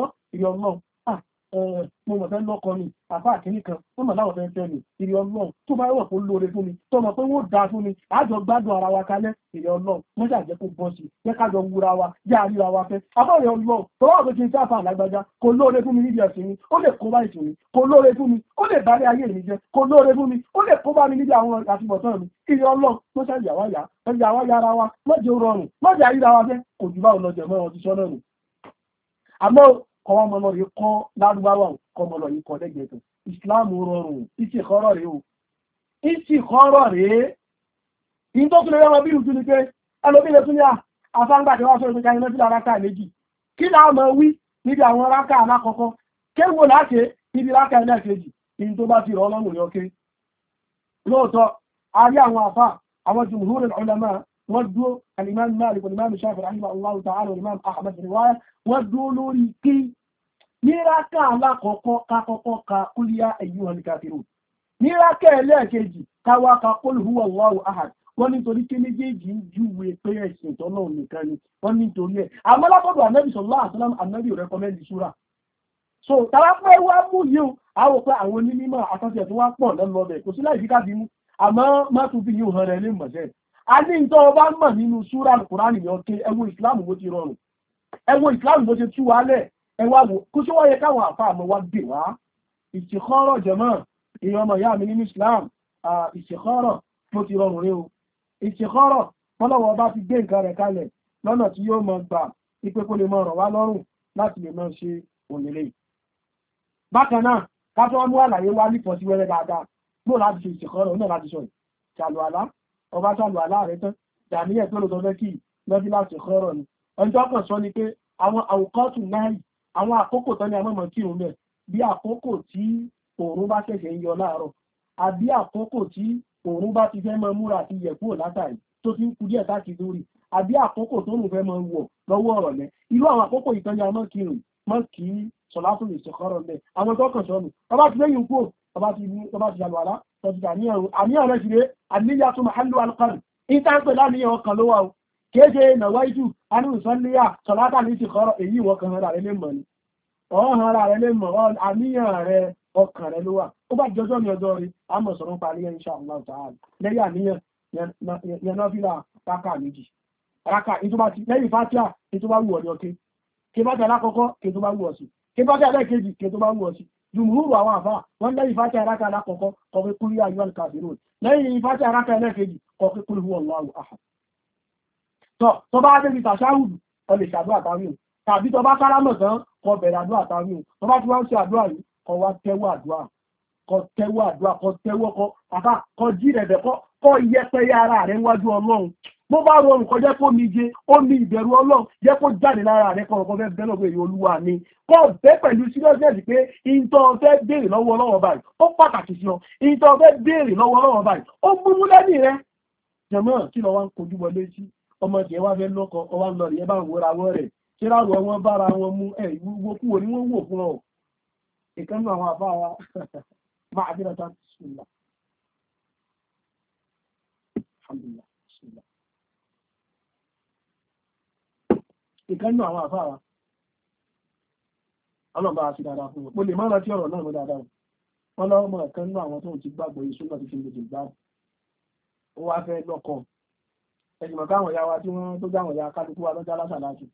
orè ìwọ mo mọ̀ fẹ́ lọ́kọ ni àbá àkíní kan ó mọ̀ láwọn fẹ́ fẹ́ mi ìrì ọlọ́run tó bá wọ̀ kó lóore fún mi tó mọ̀ pé wọ́n dáa fún mi àjọ gbádùn ara wa kalẹ̀ ìrì ọlọ́run wọ́n ṣàjẹ́ kó bọ́ sí jẹ́ kájọ wúra wa jẹ́ àríra wa fẹ́ àbá ìrì ọlọ́run tó wà pé kí n sá fa àlágbájá kó lóore fún mi níbi ẹ̀sìn mi ó lè kó bá ìsìn mi kó lóore fún mi ó lè bá ayé mi jẹ kó lóore fún mi ó lè kó bá mi níbi àwọn àtibọ̀tán mi ìrì ọlọ́run tó ṣàyàwá yá ẹ̀yàwá wa mọ́jẹ́ rọrùn mọ́jẹ́ àríra wa fẹ́ kò jù báwo lọ jẹ̀ mọ́ kọwọ́ mọ́ lọ́rí kọ́ lárúbáwà kọmọ lọ́rí kọ́ lẹ́gbẹ̀ẹ́tọ̀ islam rọrùn ìṣìkọ́rọ̀ rẹ̀ o ìṣìkọ́rọ̀ rẹ̀ in tó tún lè rọrọ bí ìrùtú ni pé ẹlòmílẹ̀ tún ní àfáǹgbàdé wá sọ́rọ̀ ìgbàyẹn lọ́sílẹ̀ aráka méjì kí náà mọ̀ wí níbi àwọn aráka alákọ̀ọ́kọ́ kéwò láti níbi aráka ẹlẹ́ẹ̀kejì in tó bá ti rọ ọlọ́run yọké lóòótọ́ a rí àwọn àfá àwọn jùmùhúrẹ̀ ulama wọ́n dúró alimami malik alimami shafi rahim allah ta'ala alimami ahmed riwaya wọ́n dúró lórí kí níraká alákọ̀ọ́kọ́ kakọ́kọ́ ka kúlíyá ayyuhal kafirun níraká ẹlẹ́ẹ̀kejì káwá ka qul huwa allahu ahad wọ́n nítorí kí méjèèjì ń júwe pé ẹ̀sìn ìtọ́nà nìkan ni wọ́n nítorí ẹ̀ àmọ́ lábọ́dọ̀ ànábì sallallahu alaihi ò rẹ́kọ́mẹ́ndì súra so tàbá pé wá mú yìí àwọn pé àwọn onímọ̀ àtọ́sí ẹ̀ tó wá pọ̀ lọ́lọ́bẹ̀ kò sí láì fi ká fi mú àmọ́ má tún fi yìí hàn rẹ̀ lè mọ̀ṣẹ́ a ní ìtọ́ ọba mọ̀ nínú súra kùránì yọ ké ẹwọ ìsìláàmù bó ti rọrùn ẹwọ ìsìláàmù bó ti tú wa lẹ̀ ẹwà wò kó ṣe wáyé káwọn àfa àmọ́ wa dè wá ìṣèkọ́rọ̀ jẹ̀mọ́ èèyàn ọmọ ìyá mi nínú islam ìṣèkọ́rọ̀ bó ti rọrùn rí o ìṣèkọ́rọ̀ pọ́lọ́wọ́ bá ti gbé nǹkan rẹ̀ kalẹ̀ lọ́nà tí yóò mọ gbà ipe kó lè mọ ọ̀rọ̀ wá lọ́rùn láti lè mọ ṣe òlélẹ̀ bákan náà ká tó wá mú àlàyé wá nípọ̀ sí wẹ́rẹ́ dáadáa gbọ́ láti ṣe ìṣèkọ́rọ̀ náà láti sọ ìṣàlù àlá ọba sàlù aláàrẹ tán jàmíyà tó lọ́tọ́ fẹ́ kí lọ́dí láti kọ́rọ̀ ni ọjọ́ kan sọ ni pé àwọn àwòkọ́tù náà àwọn àkókò tán ni a mọ̀mọ́ kí òun bẹ̀ bí àkókò tí òòrùn bá ṣẹ̀ṣẹ̀ ń yọ láàárọ̀ àbí àkókò tí òòrùn bá ti fẹ́ mọ múra àti yẹ̀kúrò látàrí tó ti ń kú díẹ̀ káàkiri lórí àbí àkókò tó lù fẹ́ mọ wọ̀ lọ́wọ́ ọ̀rọ̀ lẹ́ irú àwọn àkókò ìtọ́jú àmọ́ kírun mọ́ kí sọ̀lá tó lè ṣèkọ́rọ̀ àwọn tó sọ́nù ọba ti lẹ́yìn kú ọba ti ṣàlùwàlá tọ́jú àníyàn rẹ̀ ṣìrẹ́ àníyàn tó mahallu alqalb ìtàǹpẹ̀ láníyàn ọkàn ló wà ó kéèṣe nàwáìjú anúsọ́lẹ́yà sọ̀látà ní ti kọ́rọ̀ èyí ìwọ̀kan ara rẹ̀ lè mọ̀ ní ọ̀hàn ara rẹ̀ lè mọ̀ àníyàn rẹ̀ ọkàn rẹ̀ ló wà ó bá jọjọ́ ní ọjọ́ rí a mọ̀ sọ̀rọ̀ parí ẹ̀ insha Allah ta'ala lẹ́yìn àníyàn yanáfíà rákà méjì rákà lẹ́yìn fátíà kí tó bá wù ọ́ ní ọkẹ́ kí jùmúhùrù àwọn àbá wọ́n lẹ́yìn fàtí àrákà alákọ̀ọ́kọ́ kọ̀kẹ́ kúrú yà yọ́ alkàbíròn lẹ́yìn fàtí àrákà ẹlẹ́kẹ̀ẹ́jì kọ̀kẹ́ kúrú Allahu ahad tọ́ tó bá dé bí tàṣáwùdù ọ lè ṣàdúrà àtàrí o tàbí tó bá kárámọ̀ tán kọ bẹ̀rẹ̀ àdúrà o tó bá ti wá ń ṣe àdúrà yìí kọ wá tẹ́wọ́ àdúrà bó bá rọrùn kọjá kó mi jẹ ó ní ìbẹ̀rù ọlọ́run jẹ́ kó jáde lára rẹ kọ̀ọ̀kan fẹ́ bẹ́ẹ̀ lọ́gbẹ̀ẹ́ olúwa ni kọ́ bẹ́ẹ̀ pẹ̀lú seriousness pé ìtọ́ fẹ́ béèrè lọ́wọ́ ọlọ́run báyìí ó pàtàkì sí ọ ìtọ́ fẹ́ béèrè lọ́wọ́ ọlọ́run báyìí ó múmú lẹ́nì rẹ jẹ̀mọ́ kí lọ wá ń kojú wọlé sí ọmọ tiẹ̀ wá fẹ́ lọ́kọ ọwá ń lọ rẹ̀ bá ń wọra wọ́ rẹ̀ ṣé láwọ̀ wọn bára wọn mú ẹ̀ ìwúwo kúwo Alhamdulillah. ìkan náà àwọn àfáà ọlọ́bàá sí dáadáa fún wọn mo lè má rántí ọ̀rọ̀ náà mo dáadáa wọn lọ́wọ́ mọ̀ ìkan náà àwọn tó ń ti gbàgbọ́ yìí súnmọ́ ti fi lòdì gbá ó wá fẹ́ lọ́kọ ẹ̀jìmọ̀ káwọn ìyá wa tí wọ́n tó dáwọn ìyá kálukú wa lọ́jà lásà láti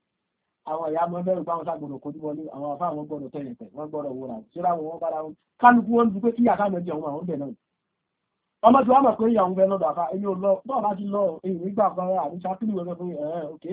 àwọn ìyá mọ́ bẹ́rù báwọn ságbọ̀dọ̀ kojú wọlé àwọn àfáà wọn gbọ́dọ̀ tẹ̀yìn tẹ̀ wọ́n gbọ́dọ̀ wúra síra wọn bára wọn kálukú wọn dúpẹ́ kí àká mẹ́jẹ wọn àwọn bẹ̀ náà ọmọ tí wọ́n mọ̀ pé ìyàwó fẹ́ lọ́dọ̀ àfá eyín lọ bọ́ọ̀ bá ti lọ èyí nígbà kan àríṣà kílù wẹ́gbẹ́ fún ẹ̀ẹ́ òkè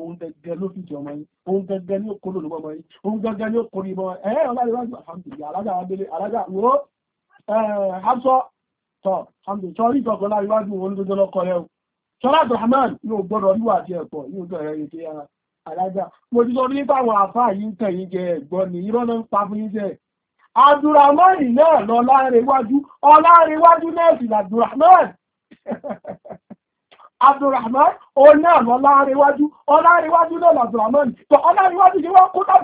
òun gẹ́gẹ́ ló fìjọ ọmọ yìí òun gẹ́gẹ́ ní òkúrò lọ́wọ́ ọmọ yìí òun gẹ́gẹ́ ní òkúrò ìbọn ẹ̀ẹ́ ọláríwájú alhamdulillah alága abẹ́lé alága wo hamsọ tọ hamdulillah sọ rí ìjọkọ̀ láríwájú òun lójọ́ lọ́kọ̀ rẹ̀ o sọlá abdulhaman yóò gbọ́dọ̀ ríwà àti ẹ̀kọ́ yóò gbọ́ ẹ̀rẹ́ ìdí alága mo ti sọ ní báwọn àfáà yìí ń tẹ̀yìn jẹ ẹ̀gbọ́n ní irọ́ náà ń pa fún yín jẹ Abdulrahman náà lọ láàrẹ̀wájú ọláàrẹ̀wájú náà sì làbdulrahman [LAUGHS] abdulrahman òun náà lọ láàrẹ̀wájú ọláàrẹ̀wájú náà làbdulrahman tó ọláàrẹ̀wájú ni wọ́n kó wá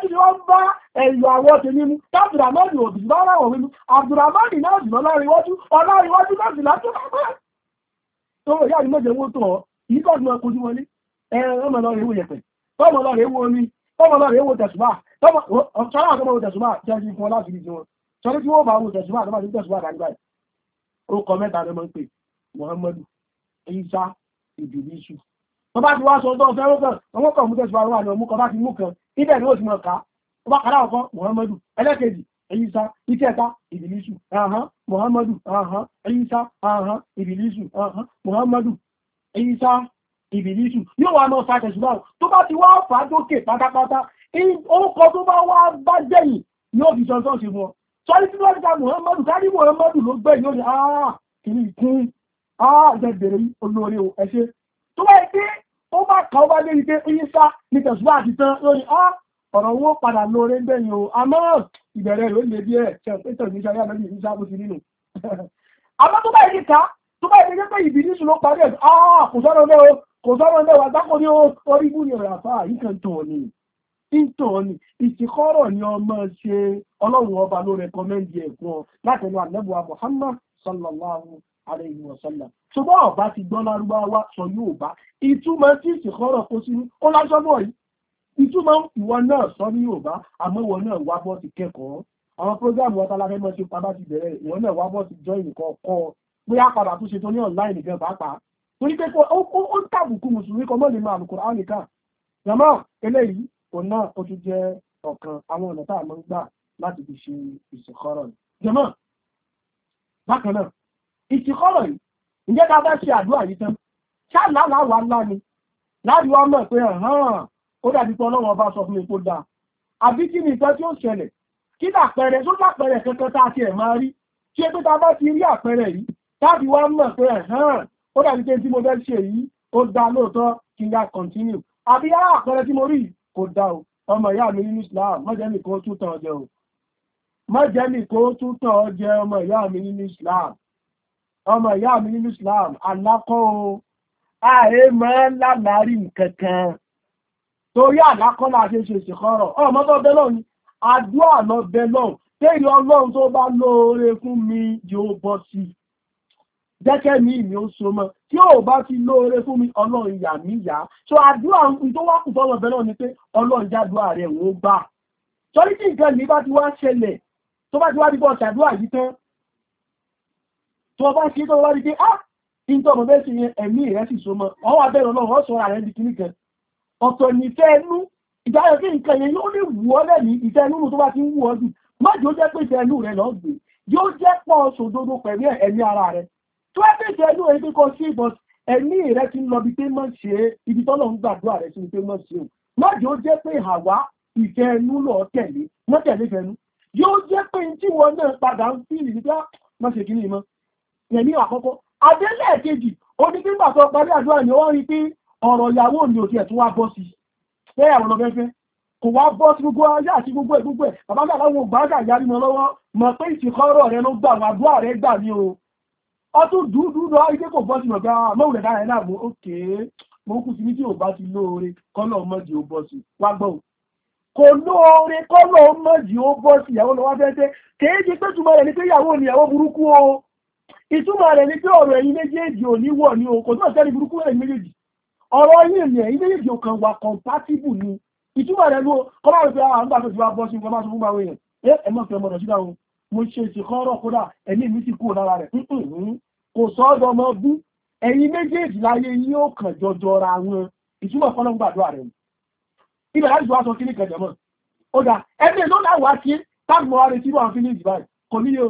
kú ni wọ́n bá ẹ̀yọ̀ àwọn mu abdulrahman náà náà tó tó ọ yìí kọ́ ọdún ọkọ̀ ojúmọ́lé ẹ̀rọ ọmọ lọ́rẹ̀ ewu yẹ̀pẹ̀ tọ́mọ na ewu omi tọ́mọ ewu tẹ̀sùmá orúkọ mẹ́ta lọ́mọ ń pè muhammadu isa ìdìbíṣù tó bá ti wá sọ ọdún ọ̀fẹ́ rọ́kàn ọmọ kan mú tẹ̀síwá wà ní ọmú kan bá ti mú kan ibẹ̀ ni ó ti mọ̀ ká ó bá kàrà ọkọ muhammadu ẹlẹ́kejì isa ìkẹta ìdìbíṣù ahán muhammadu ahán isa ahán ìdìbíṣù ahán muhammadu isa ìbìlísù yóò wà náà sáà tẹ̀sùn báwọn tó bá ti wá fàájókè pátápátá orúkọ tó bá wá bá jẹ́yìn yóò fi sọ́sọ́ sí fún ọ sọ́rí tí wọ́n dá muhammadu sáré muhammadu ló gbẹ́ yóò ní àà kìí kún àà jẹ́bẹ̀rẹ̀ olóore ẹ̀ṣẹ́ tó wáyé pé ó bá kà ó bá lé ike ìyíṣà ní tẹ̀sùwá àti tán lórí à ọ̀rọ̀ owó padà lóore ń bẹ̀yìn o àmọ́ ìbẹ̀rẹ̀ rẹ̀ ó lè díẹ̀ tẹ̀sùwá ìṣẹ́ yá lórí ìṣẹ́ àbúṣe nínú àmọ́ tó bá yẹ ká tó bá yẹ pé ìbí níṣu ló parí ẹ̀ àà kò sọ́rọ̀ mẹ́ o kò sọ́rọ̀ mẹ́ o àgbákò ní orí ibú ni ọ̀rọ̀ àfáà yìí kan tọ̀ ni ìtàn ni ìtìkọ́rọ̀ ni ọmọ ṣe ọlọ́run ọba ló rẹkọmẹ́ndì ẹ̀kún ọ látẹnu àlẹ́bùwà Muhammad sallallahu alayhi wa sallam ṣùgbọ́n ọba ti gbọ́ lárúbáwá sọ yóò bá ìtumọ̀ tí ìsìnkọ́rọ̀ kó sínú ó lásán bọ̀ yìí ìtumọ̀ ìwọ náà sọ ní Yorùbá àmọ́ ìwọ náà wá bọ́ ti kẹ́kọ̀ọ́ àwọn program wọn tala mọ́ ṣe padà ti bẹ̀rẹ̀ ìwọ náà wá bọ́ ti join nǹkan kọ́ padà tún ṣe tó ní online nìkan pàápàá torí pé ó tàbùkù mùsùlùmí kan mọ́ lè máa àlùkò àwọn nìkan òun náà ó tún jẹ́ ọ̀kan àwọn ọ̀nà tá a máa ń gbà láti fi ṣe ìṣèkọ́rọ̀ yìí. jọmọ́ bákan náà ìṣèkọ́rọ̀ yìí ǹjẹ́ ká bá ṣe àdúrà yìí tán ṣáàlá láwa ńlá ni láti wá mọ̀ pé hàn ó dàbí pé ọlọ́run ọba sọ fún mi kó dáa àbí kí ni nǹkan tí ó ṣẹlẹ̀ kí làpẹẹrẹ tó lápẹẹrẹ kankan tá a ti ẹ̀ máa rí ṣé pé ta bá ti rí àpẹẹrẹ yìí láti wá mọ̀ pé hàn ó dàbí pé tí mo fẹ́ ṣe yìí ó dáa lóòótọ́ kí n yá continue àbí àpẹẹrẹ tí mo rí yìí kò dá o ọmọ ìyá mi nínú Islam mọ́jẹ́ nìkan ó tún tàn ọjẹ́ o mọ́jẹ́ nìkan ó tún tàn ọjẹ́ ọmọ ìyá mi nínú Islam ọmọ ìyá mi nínú Islam alákọ́ o ààrẹ máa ń lálàárí nǹkan kan torí àlákọ́ la ṣe ṣe ìṣèkọ́rọ̀ ọmọ tó bẹ́ lọ́run àdúrà lọ bẹ́ lọ́run téèrè ọlọ́run tó bá lóore fún mi yóò bọ́ sí jẹ́kẹ́ mi ìmí ó so mọ́ tí ò bá ti lóore fún mi ọlọ́run ìyà mi yá so àdúrà nǹkan tó wá kù tọ́lọ̀ bẹ́ẹ̀ náà ni pé ọlọ́run jádùá rẹ̀ wọ́n gbà sọ́rí tí nǹkan yìí bá ti wá ṣẹlẹ̀ tó bá ti wá di bọ́ ṣàdúrà yìí tán tó bá ṣe tó bá di pé ah nǹkan ọmọ bẹ́ẹ̀ sì yẹn ẹ̀mí rẹ̀ sì so mọ́ ọ wá bẹ̀rẹ̀ ọlọ́run ọ̀ sọ̀rọ̀ rẹ̀ di kíní kan ọ̀tọ̀ nífẹ̀ẹ́ ẹnu ìdáyọ̀ sí nǹkan yẹn yóò lè wù ọ́ lẹ́mí ìfẹ́ ẹnu tó bá ti ń wù ọ́ jù má jò jẹ́ pé ìfẹ́ ẹnu rẹ̀ lọ́gbìn yóò jẹ́ pọ̀ sòdodo pẹ̀lú ẹ̀mí ara rẹ̀ tó ẹ́ pèsè ẹnu èyí tó kọ sí ìbọn ẹ̀mí rẹ ti ń lọ bí pé mọ̀ ṣe é ibi tọ́lọ̀ ń gbàdúrà rẹ ti ń pé mọ̀ ṣe o má jẹ́ ó jẹ́ pé àwa ìfẹ́ ẹnu lọ tẹ̀lé mọ́ tẹ̀lé fẹnu yóò jẹ́ pé tí wọn náà padà ń fi ìlú dá mọ̀ ṣe kìíní mọ́ ẹ̀mí àkọ́kọ́ adélẹ̀ kejì ó ní kí gbàtọ̀ parí àdúrà ni wọ́n rí pé ọ̀rọ̀ ìyàwó mi ò tiẹ̀ tún wá bọ́ sí i ẹ̀ àwọn ọ̀fẹ́fẹ́ kò wá bọ́ sí gbogbo ayé àti gbogbo ẹ̀ gbogbo ẹ̀ bàbá gbà láwọn ògbà àgbà yarí mọ́ lọ́wọ́ mọ̀ pé ìtìkọ́rọ̀ rẹ ló gbà wàdúrà rẹ gbà ní o ọtún dúdúdú ike kò bọ́ sí mọ̀gá mọ́wùlẹ̀ dára ẹ̀dá mú òkè mo kú sí ní tí ò bá ti lóore kọ́lọ̀ mọ́jì ó bọ́ sí wá gbọ́ kò lóore kọ́lọ̀ mọ́jì ó bọ́ sí ìyàwó lọ́wọ́ fẹ́fẹ́ kéèjì pé túmọ̀ rẹ̀ ni pé ìyàwó ni ìyàwó burúkú o ìtumọ̀ rẹ̀ ni pé ọ̀rọ̀ ẹ̀yin méjèèjì ò ní wọ̀ ni o kò náà sẹ́ni burúkú ẹ̀yin méjèèjì ọ̀rọ̀ yìí ni ẹ̀yin méjèèjì kan wà compatible ni ìtumọ̀ rẹ̀ ló kọ́ máa rẹ̀ pé àwọn ah, àgbà tó ti wá bọ́ sí nǹkan máa sọ fún báwọn èèyàn eh, ẹ ẹ̀ mọ̀ fẹ́ mọ̀ mo ṣe ìṣìkọ́rọ̀ kódà ẹ̀mí mi ti kúrò lára rẹ̀ kò sọ́ọ́dọ̀ ọmọ bú ẹ̀yin méjèèjì láyé yí ó kàn jọjọ ra wọn ìtumọ̀ fọ́nà gbàdúrà rẹ̀ ibẹ̀ láti wá sọ kí ní kẹjọ mọ́ ó dà ẹgbẹ́ ló láwàá kí táàbù wa retí wọn fi ní ìdìbà kò níye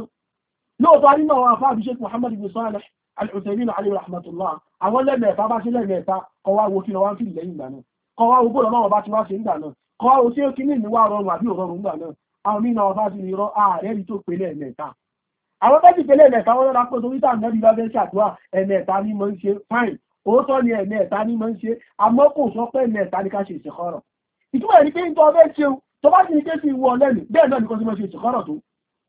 lóòótọ́ nínú àwọn afá àbíṣe Muhammad ibn Salih al-Uthaymeen alayhi rahmatullah àwọn lẹ́mẹ̀ẹ́ta bá ṣe lẹ́mẹ̀ẹ́ta kọ́ wá wo kí lọ wá ń fi lẹ́yìn ìgbà náà kọ́ wá wo bó lọ́mọ́ wọn bá ti wá ṣe ń náà kọ́ wá wo sí ó kí ní ìníwá rọrùn àbí òrọrùn gbà náà àwọn mínà ọba sí irọ́ ààrẹ rí tó pèlé ẹ̀mẹ̀ta àwọn tẹ́jì pèlé ẹ̀mẹ̀ta wọ́n lọ́la pé torí tàbí bí bá fẹ́ ṣàdúrà ẹ̀mẹ̀ta ní mọ́ ń ṣe fine òótọ́ ni ẹ̀mẹ̀ta ní mọ́ ń ṣe àmọ́ kò sọ pé ẹ̀mẹ̀ta ní ká ṣe ìṣẹ̀kọ́rọ̀ ìtumọ̀ ẹni pé nítorí ọbẹ̀ ṣe tó bá sì ní kéfì wọ lẹ́nu bẹ́ẹ̀ náà nìkan sí mọ́ ṣe ìṣẹ̀kọ́rọ̀ tó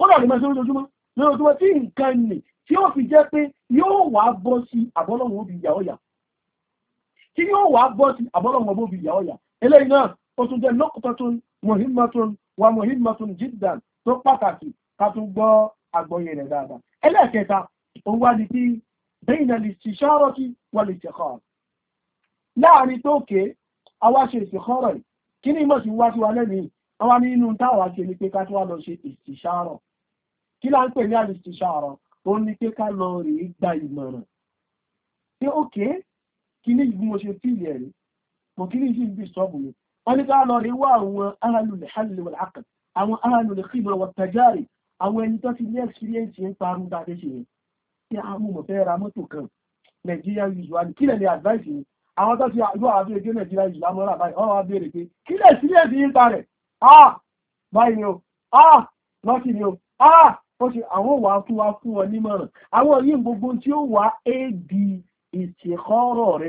ó lọ́ọ̀lì mọ́ sí lójoojúmọ́ lójoojúmọ́ tí nǹkan nì tí ó fi jẹ́ pé yóò wá bọ́ sí àbọ́lọ́wọ́ bí ìyà ọ̀yà tí yóò wá bọ́ sí àbọ́lọ́wọ́ bí ìyà ọ̀yà eléyìí náà ó tún jẹ́ lọ́kùtọ́ tó wa muhimmatun jiddan tó pàtàkì ká tún gbọ́ àgbọ́yé rẹ̀ dáadáa. ẹlẹ́ẹ̀kẹta ó wá ní tí bayna al-istisharati wal-istikhara láàrin tó ké àwa ṣe istikhara yìí kí ni ìmọ̀ sí wá sí wa lẹ́nìí àwa ní inú ni pé ká wọ́n ní ká lọ rí wá àwọn ahlul halli wal aqd àwọn ahlul khibra wat tajari àwọn ẹni tó ti ní experience ń parun dáadé ṣe yẹn tí a mú mọ̀ fẹ́ ra mọ́tò kan nàìjíríà usual kí lẹ̀ lè advice yìí àwọn tó ti yọ àbí èdè nàìjíríà usual mọ́ra báyìí ọ̀rọ̀ àbí pé kí lẹ̀ ń parẹ̀ ah báyìí ni o ah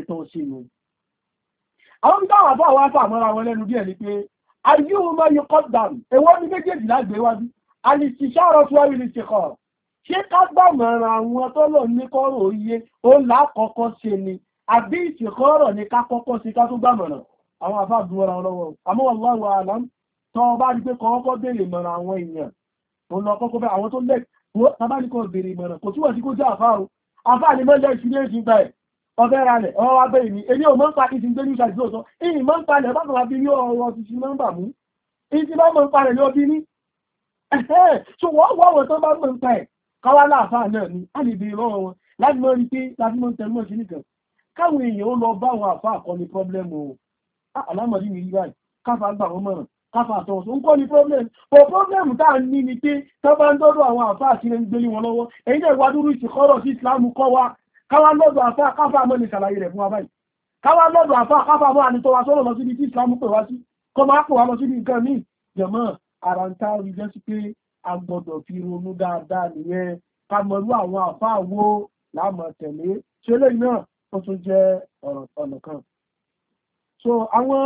lọ́sì àwọn dáwà bọ́ àwọn afáàmọ́ra wọn lẹ́nu díẹ̀ ni pé ayé ọmọ yìí kọ́ dàrú èwọ́ ní méjèèjì lágbèéwájú àlìsí sáàrọ̀ tí wọ́n rí ti kọ̀ ṣé ká gbàmọ̀ràn àwọn tọ́lọ̀ ní kọ́rọ̀ oyé ó là kọ́kọ́ ṣe ni àbí ìṣèkọ́rọ̀ ni ká kọ́kọ́ ṣe ká tó gbàmọ̀ràn àwọn afáà dúró ra wọn lọ́wọ́ àmọ́ wallahu alam tọ́ ọ bá rí pé kọ́kọ́ béèrè mọ̀ràn àwọn èèyàn tó lọ kọ́kọ́ bẹ́ àwọn tó lẹ̀ wọ́n tàbá ní kọ́ béèrè mọ̀ràn kò túwọ̀ sí kó jẹ́ àfáà o àfáà ni mọ́jẹ́ ìṣúlẹ̀ ìṣúgbà ẹ̀ ọ̀fẹ́ ra lẹ̀ ọwọ́ wá bẹ́ẹ̀ ni èmi ò mọ́ ń pa ìsìn gbé ní ìṣàjú òsọ èyí mọ́ ń pa lẹ̀ bákan wá bí ní ọ̀rọ̀ tuntun mọ́ ń bà mú èyí tí bá mọ́ ń pa lẹ̀ ní ọbí ní ẹ̀ẹ́ so wọ́n wọ́ wọ́n tó bá mọ́ ń pa ẹ̀ káwá láàfà náà ni a lè bèèrè lọ́wọ́ wọn láti mọ́ rí pé láti mọ́ ń tẹnu mọ́ sí nìkan káwọn èèyàn ó lọ bá àwọn àfà àkọni pọ́blẹ́mù o alámọ̀dé ah, mi rí báyìí káfà gbà wọ́n mọ̀ràn káfà àtọ̀wọ̀sọ̀ ń kọ́ ni pọ́blẹ́mù pọ̀ pọ́blẹ́mù tá à ń ní ni pé tó bá ń dọ́dọ̀ àwọn àfà àti ẹni gbélé wọn lọ́wọ́ èyí náà wá dúró ìsìnkọ́rọ̀ sí ìsìlámù kọ́ wa káwá lọ́dọ̀ àfá àkáfà mọ́ ní ṣàlàyé rẹ̀ fún wa báyìí káwá lọ́dọ̀ àfá àkáfà mọ́ àni tó wa sọ́rọ̀ lọ síbi tí ìsìlámù pè wá sí kọ́ máa pè wá lọ síbi nǹkan míì jẹ̀mọ́ ara ń táwọn ìjọ sí pé a gbọ́dọ̀ fi ronú dáadáa nìyẹn ká mọ̀rú àwọn àfá àwo láàmọ̀ tẹ̀lé ṣe lè náà ó tún jẹ́ ọ̀nà kan so àwọn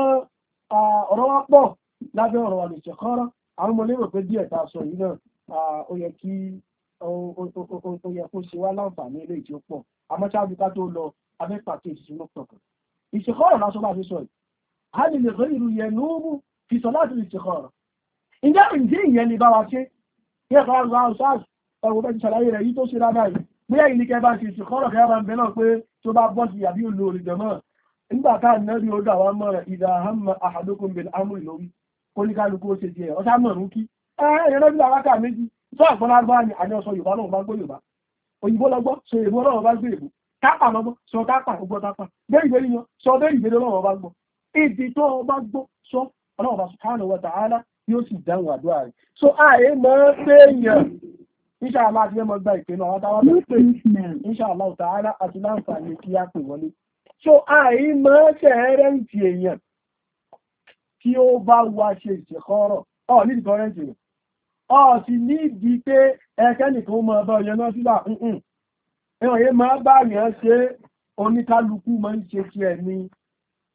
ọ̀rọ̀ wa pọ̀ lábẹ́ ọ̀rọ̀ wa lè ṣẹ̀kọ́rọ́ àwọn ọmọ ó yẹ kó ṣe wá láǹfààní ilé tí ó pọ̀ àmọ́ ṣáájú ká tó lọ abẹ́pà kí èsì ló pọ̀kàn ìṣèkọ́rọ̀ lásán bá fi sọ yìí a lè lè fẹ́ ìlú yẹn lóòmù fi sọ láti ìṣèkọ́rọ̀ ǹjẹ́ ǹjẹ́ ìyẹn ni bá wa ṣe kí ẹ̀kọ́ àwọn ọ̀sáàs ọ̀rọ̀ bẹ́ẹ̀ ti ṣàlàyé rẹ̀ yìí tó ṣe dáadáa yìí bóyá ìní kẹ́ bá ṣe ìṣèkọ́rọ̀ kẹ́ bá ń bẹ náà pé tó bá bọ́ sí àbí olú olùjọ́mọ́ nígbà táà nẹ́rí odò àwọn ọmọ rẹ̀ ìdá àhámà àhàdókòmbè amúlòwí kóníkálukú ó ṣe jẹ ọ̀sá mọ̀rún kí ẹ̀ẹ́rẹ́ lọ́dún àwọn méjì tó àgbọn lágbá ni àní ọsọ yorùbá lọ́wọ́ bá gbé yorùbá òyìnbó lọ́gbọ́ sọ èbó lọ́wọ́ bá gbé èbó tápà lọ́gbọ́ sọ tápà gbọ́ tápà bẹ́ẹ̀ ìgbéri yan sọ bẹ́ẹ̀ ìgbéri so àyè mọ́ péyàn inṣàlá àti ẹmọ gba ìpè náà wátá wátá pé inṣàlá ìtì èèyàn tí ó bá wá ṣe ìṣẹ̀kọ́rọ̀ ọ̀ nídìí kọ́rẹ́ǹtì rẹ̀ ọ̀sì ní ìdí pé ẹkẹ́nìkan mọ́ ọba ọ̀yẹ́ náà sílà ǹkan ẹ̀wọ̀n yé máa bá yẹn ṣe oníkálukú mọ́ ń ṣe ti ẹ̀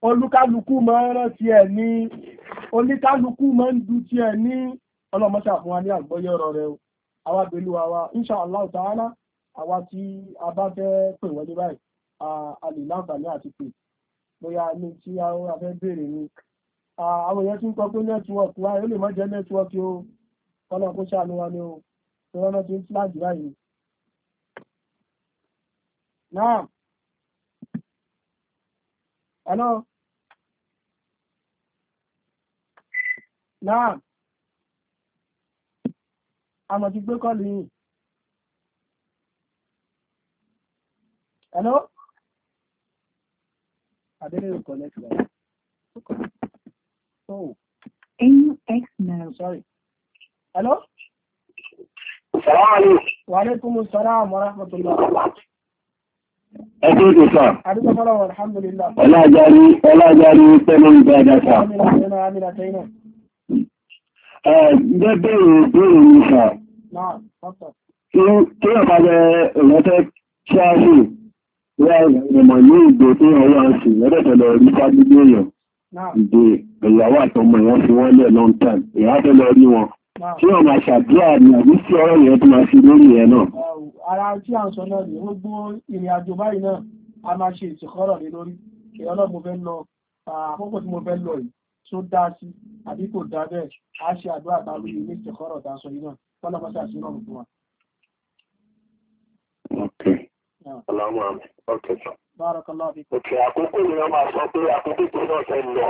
olúkálukú ń rán ti oníkálukú ń du ti ọlọ́mọṣà fún wa ní ọ̀rọ̀ rẹ̀ insha Allah ta'ala a bá fẹ́ pè wọlé báyìí àti pè bóyá ní tí a fẹ́ ni àwọn ti ń kọ pé o kọ́nà kó ṣàánú wa ní o tí wọ́n náà ti ń flag báyìí. náà ọ̀nà náà àmọ̀ ti gbé kọ́lù yìí. Hello? Adele will connect. Oh. AUX now. Sorry. Hello? Sàlámù. Wa alaykum salaam wa rahmatullah. Ẹgbẹ́ ìdè Kí ọ̀pá jẹ ìrọ́tẹ́ ṣáàṣì wọ́n ìmọ̀ ní ìgbò tí wọ́n wá ń sì lọ́dẹ̀tẹ̀lẹ̀ rí fájú èèyàn. Ìdè ìyàwó àtọmọ ìwọ́n fi wọ́n lẹ̀ long time. Ìyá fẹ́ lọ rí wọn tí wọ́n máa ṣàdúrà ní àbí sí ọ̀rọ̀ yẹn tó máa fi lórí ẹ̀ náà. ara tí à ń sọ náà nìyẹn gbogbo ìrìn àjò báyìí náà a máa ṣe ìtìkọ́rọ̀ lé lórí ìyẹn náà mo fẹ́ lọ àkókò tí mo fẹ́ lọ yìí tó dá sí àbí kò dá bẹ́ẹ̀ a ṣe àdúrà bá ní ìtìkọ́rọ̀ tá a sọ yìí náà kọ́lá mọ́sá sí náà fún wa. Okay. Ọlọ́run àmì. Okay. Bárakàlá fi. Okay, àkókò ni wọ́n máa sọ pé àkókò tó náà fẹ́ lọ.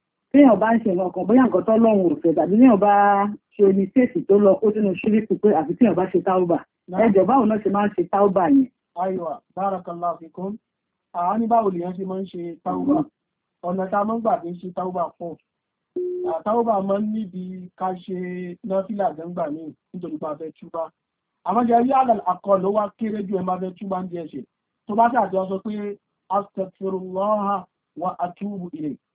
téèyàn bá ń ṣe nǹkan kan bóyá nǹkan tó lọ́run ò fẹ́ tàbí téèyàn bá ṣe omi séèkì tó lọ ó sínú ṣíríkù pé àfi téèyàn bá ṣe táwùbà ẹjọ báwo náà ṣe máa ń ṣe táwùbà yẹn. ayiwa barakallahu fikum àá ní báwo lèèyàn ṣe máa ń ṣe táwùbà ọ̀nà tá a máa ń gbà fi ṣe táwùbà pọ̀ àtàwùbà máa ń níbi ká ṣe náfìlà gbẹ̀ngbà ní nítorí bá fẹ́ túbá àmọ́ jẹ́ rí àlà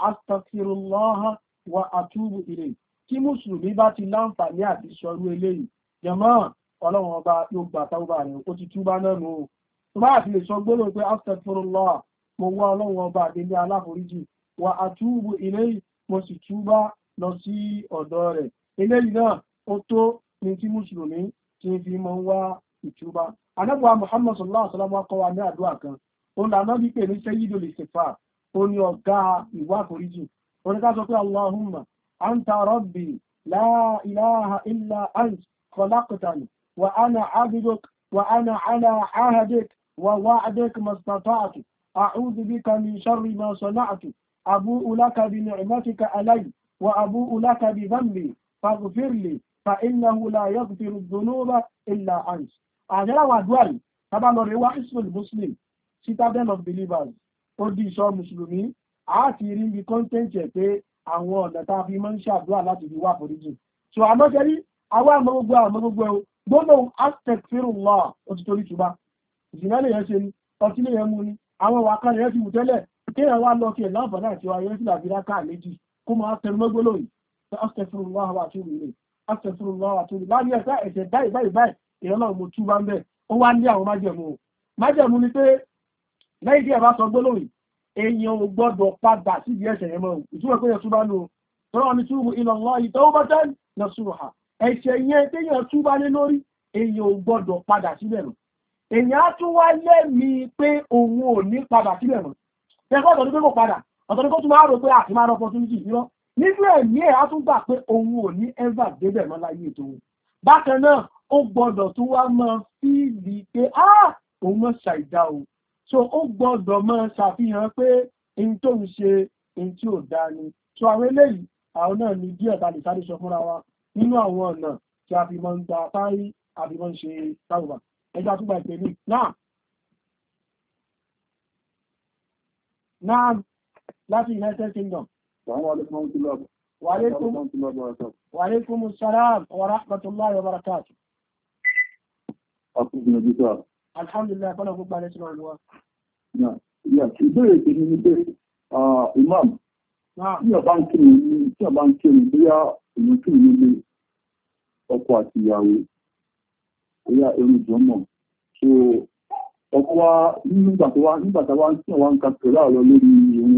astaghfirullah wa atubu ilayhi kí mùsùlùmí bá ti láǹfààní àti sọrú eléyìí jẹmọ́ ọlọ́run ọba yóò gbà táwọn àrẹ ó ti túbá náà nù ó tó bá àti lè sọ gbóló pé astaghfirullah mo wá ọlọ́run ọba àdélé aláforíjì wa atubu ilayhi mo sì túbá lọ sí ọ̀dọ̀ rẹ̀ eléyìí náà ó tó ní tí mùsùlùmí ti fi mọ́ wá ìtúbá anábùwà muhammad sallallahu alaihi wa sallam wa kọ́ wa ní àdúrà kan ó lànà bí pè ní sayyidul istighfar ó ní ọ̀gá ìwà àforíjì oníká sọ pé Allahumma anta rabbi la ilaha illa ant khalaqtani wa ana abduk wa ana ala ahadik wa wa'dik mastata'tu a'udhu bika min sharri ma sana'tu abu'u laka bi ni'matika alayya wa abu'u laka bi dhanbi faghfir li fa innahu la yaghfiru dhunuba illa ant àjẹ́láwà dual tabalọ̀rẹ̀ wa ismail muslim citadel of believers ó di mùsùlùmí a ti rí bí kọ́ńtẹ́ǹtì ẹ̀ pé àwọn ọ̀nà tá a fi máa ń ṣàdúrà láti fi wá àforíjì so àmọ́ ṣe rí àwa àmọ́ gbogbo àmọ́ gbogbo ẹ̀ gbọ́dọ̀ astaghfirullah ó ti torí tuba lè yẹn ṣe ni ọtí lè yẹn mú ni àwọn ìwà kan lè yẹn ti wù tẹ́lẹ̀ wá lọ kí ẹ̀ láǹfààní àti wa yẹn sì làbí méjì kó lẹ́yìn tí ẹ bá sọ gbólóhùn èèyàn ò gbọ́dọ̀ padà síbi ẹ̀ṣẹ̀ yẹn mọ́ ìtumọ̀ pé ẹ̀túbá nù tọ́rọ ní túbù ilallahi tawbatan nasuha ẹ̀ṣẹ̀ yẹn téèyàn túbá lé lórí èèyàn ò gbọ́dọ̀ padà síbẹ̀ mọ́ èèyàn á tún wá lẹ́mìí pé òun ò ní padà síbẹ̀ mọ́ ẹ̀kọ́ ọ̀tọ̀ ní pé kò padà ọ̀tọ̀ ní kó tún máa rò pé àti ah, máa rọ opportunity irọ́ nínú ẹ̀mí ẹ̀ á tún gbà pé òun ò ní ever débẹ̀ mọ́ láyé ètò òun bákan náà ó gbọ́dọ̀ tún wá mọ so ó gbọ́dọ̀ máa ṣàfihàn pé in tó ń ṣe in tí ò dá ni so àwọn eléyìí àwọn náà ni díẹ̀ bá lè sáré sọ fúnra wa nínú àwọn ọ̀nà tí a fi mọ́ ń gba párí a fi mọ́ ń ṣe táwùbà ẹjọ́ àtúgbà ìpè ní náà náà láti United Kingdom wa alaikumus salam wa rahmatullahi wa barakatuh alhamdulillah kọ́nà gbogbo alẹ́ sínú àlùwà. ìbéèrè tèmi ni pé imam tí ọba ń kírun ní tí ọba ń kírun bóyá èmi kí ni lè ọkọ àti ìyàwó bóyá ẹni jọmọ so ọkọ wa nígbà tó wá nígbà tó wá ń tí wọn ń ka pẹ̀lú àlọ lórí irun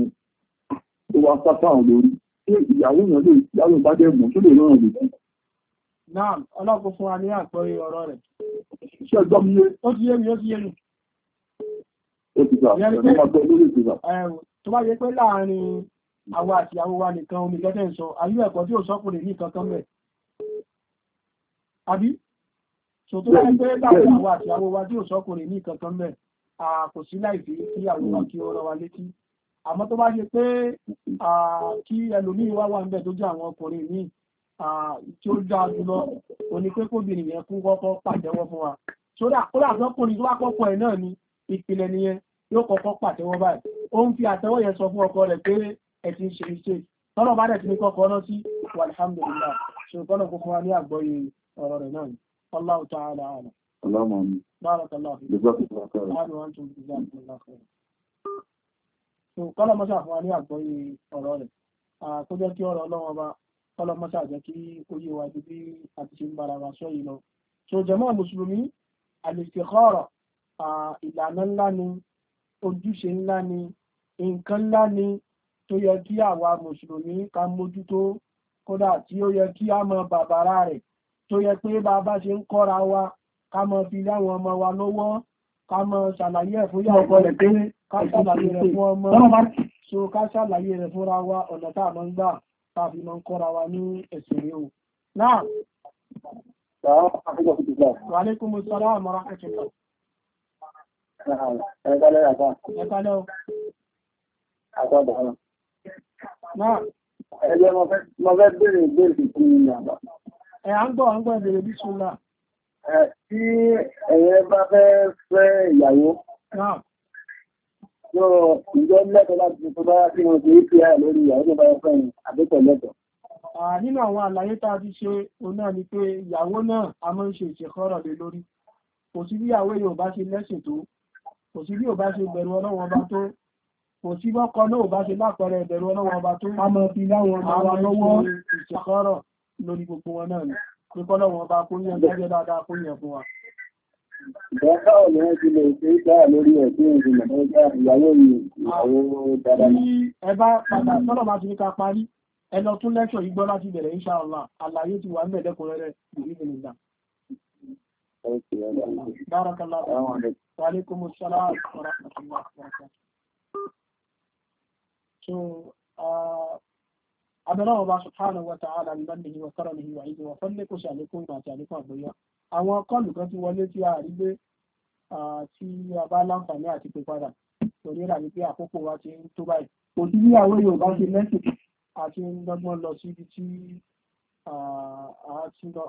tó wá sáfà lórí ṣé ìyàwó yẹn lè ìyàwó bá dẹ̀ mọ̀ tó lè rán ọ̀rẹ́ Náà, ọlọ́pọ̀ fún wa ní àpẹẹrẹ ọ̀rọ̀ rẹ̀. Ṣé ọjọ́ mi yé? Ó ti yé mi, ó ti yé mi. Ó ti gbà, ọmọ ọgbẹ́ lórí ìgbà. Tó bá yẹ pé láàárín àwa àti àwọn wa nìkan omi gẹ́gẹ́ ń sọ, ayú ẹ̀kọ́ tí ò sọ́kùnrin ní kankan mẹ́. Àbí? So tó bá yẹ pé láàárín àwa àti àwọn wa tí ò sọ́kùnrin ní kankan mẹ́, kò sí láìsí kí àwọn wa kí ọ̀rọ̀ wa létí. Àmọ́ tó bá yẹ pé kí ẹlòmíì wá wà ń bẹ̀ tó jẹ́ àwọn ọkùnrin míì tí ó dáa jùlọ òní pé kóbìnrin yẹn kún kọ́kọ́ pàtẹ́wọ́ fún wa sódà kódà sọ́kùnrin tó wá kọ́kọ́ ẹ̀ náà ni ìpìlẹ̀ nìyẹn yóò kọ́kọ́ pàtẹ́wọ́ báyìí ó ń fi àtẹ́wọ́ yẹn sọ fún ọkọ rẹ̀ pé ẹ ti ń ṣe iṣẹ́ tọ́lọ̀ bá dẹ̀ ti ní kọ́kọ́ náà sí alhamdulillah ṣùgbọ́n kò fún wa ní àgbọ́yé ọ̀rọ̀ rẹ̀ náà ni Allahu ta'ala ààrẹ. Allahumma amin. Barakallahu fi. Láàrín wọn tún ti dáàbò lọ́kọ̀. Ṣùgbọ́n kọ́lọ̀ mọ́ṣà fún wa ní àgbọ́yé ọ̀rọ̀ rẹ̀. Àkójọ́ kí ọ̀rọ̀ ọlọ́mọ́sá jẹ́ kí ó yé wa bí àti ṣe ń bára wa sọ yìí lọ. tó jàmáà mùsùlùmí al-istikhara ìlànà ńlá ni ojúṣe ńlá ni nǹkan ńlá ni tó yẹ kí àwa mùsùlùmí ká mójútó kódà tí ó yẹ kí á mọ bàbàrà rẹ̀ tó yẹ pé bàbá ṣe ń kọ́ra wa ká mọ fi láwọn ọmọ wa lọ́wọ́ ká mọ ṣàlàyé ẹ̀ fún yàwó rẹ̀ pé ká ṣàlàyé rẹ̀ fún ọmọ so ká ṣàlàyé rẹ̀ fúnra wa ọ̀nà tá a mọ̀ ń gbà tàbí máa ń kọ́ra wa ní ẹ̀sìn rí o. Náà. Wa alaikum salaam wa rahmatullah. Ẹ̀kálẹ́ àbá. Ẹ̀kálẹ́ o. Àbá bàbá. Náà. Ẹgbẹ́ mo fẹ́ bèèrè ìbéèrè ìkún ní àbá. Ẹ̀ à ń gbọ́ à ń gbọ́ ìbéèrè bí sùn náà. Tí ẹ̀yẹ fẹ́ fẹ́ ìyàwó yóò ìjọ lẹ́tọ̀ọ́ láti tó bá kí wọ́n ṣe api lórí ìyàwó tó bá yẹ fẹ́yìn àbẹ́tọ̀ lẹ́tọ̀ọ́. nínú àwọn àlàyé tá a ti ṣe òun náà ni pé ìyàwó náà a máa ń ṣe ìṣẹ̀kọ́rọ̀ lé lórí kò sí bí ìyàwó yóò bá ṣe lẹ́sìn tó kò sí bí ò bá ṣe bẹ̀rù ọlọ́wọ́n ọba tó kò sí bọ́kọ náà ò bá ṣe lápẹẹrẹ ìbẹ̀rù ọlọ́wọ́n ọba tó a máa fi láwọn ọmọ wa lọ́wọ́ ìṣẹ̀kọ́rọ̀ lórí gbogbo wọn náà ni pé kọ́lọ́wọ́n ọba kó yẹn jẹ́jẹ́ dáadáa kó yẹn fún wa. Ìjọba ọ̀nà ti lè ṣe é dáa lórí ẹ̀sìn ìrìnà ọjọ́ ìyàwó ìyàwó dáadáa. Ẹ bá padà sọ́nà máa ti ní ká parí, ẹ lọ tún lẹ́ṣọ̀ yìí gbọ́ láti bẹ̀rẹ̀ insha àlàyé ti wà ń bẹ̀ lẹ́kùnrẹ́rẹ́ ìlú ìlú ìlú. Barakallahu fiik. Wa alaikumus salaam wa rahmatullahi wa barakatuh. So, uh, Adọ́lọ́wọ́ bá Subhanahu wa ta'ala bi mannihi àti àlékún àwọn kọ́ọ̀lù kan ti wọlé tí a rí gbé tí a bá láǹfààní àti pé padà torí ó dàbí pé àkókò wa ti ń tó báyìí kò sí bí àwọn Yorùbá ti lẹ́sìn àti ń dọ́gbọ́n lọ síbi tí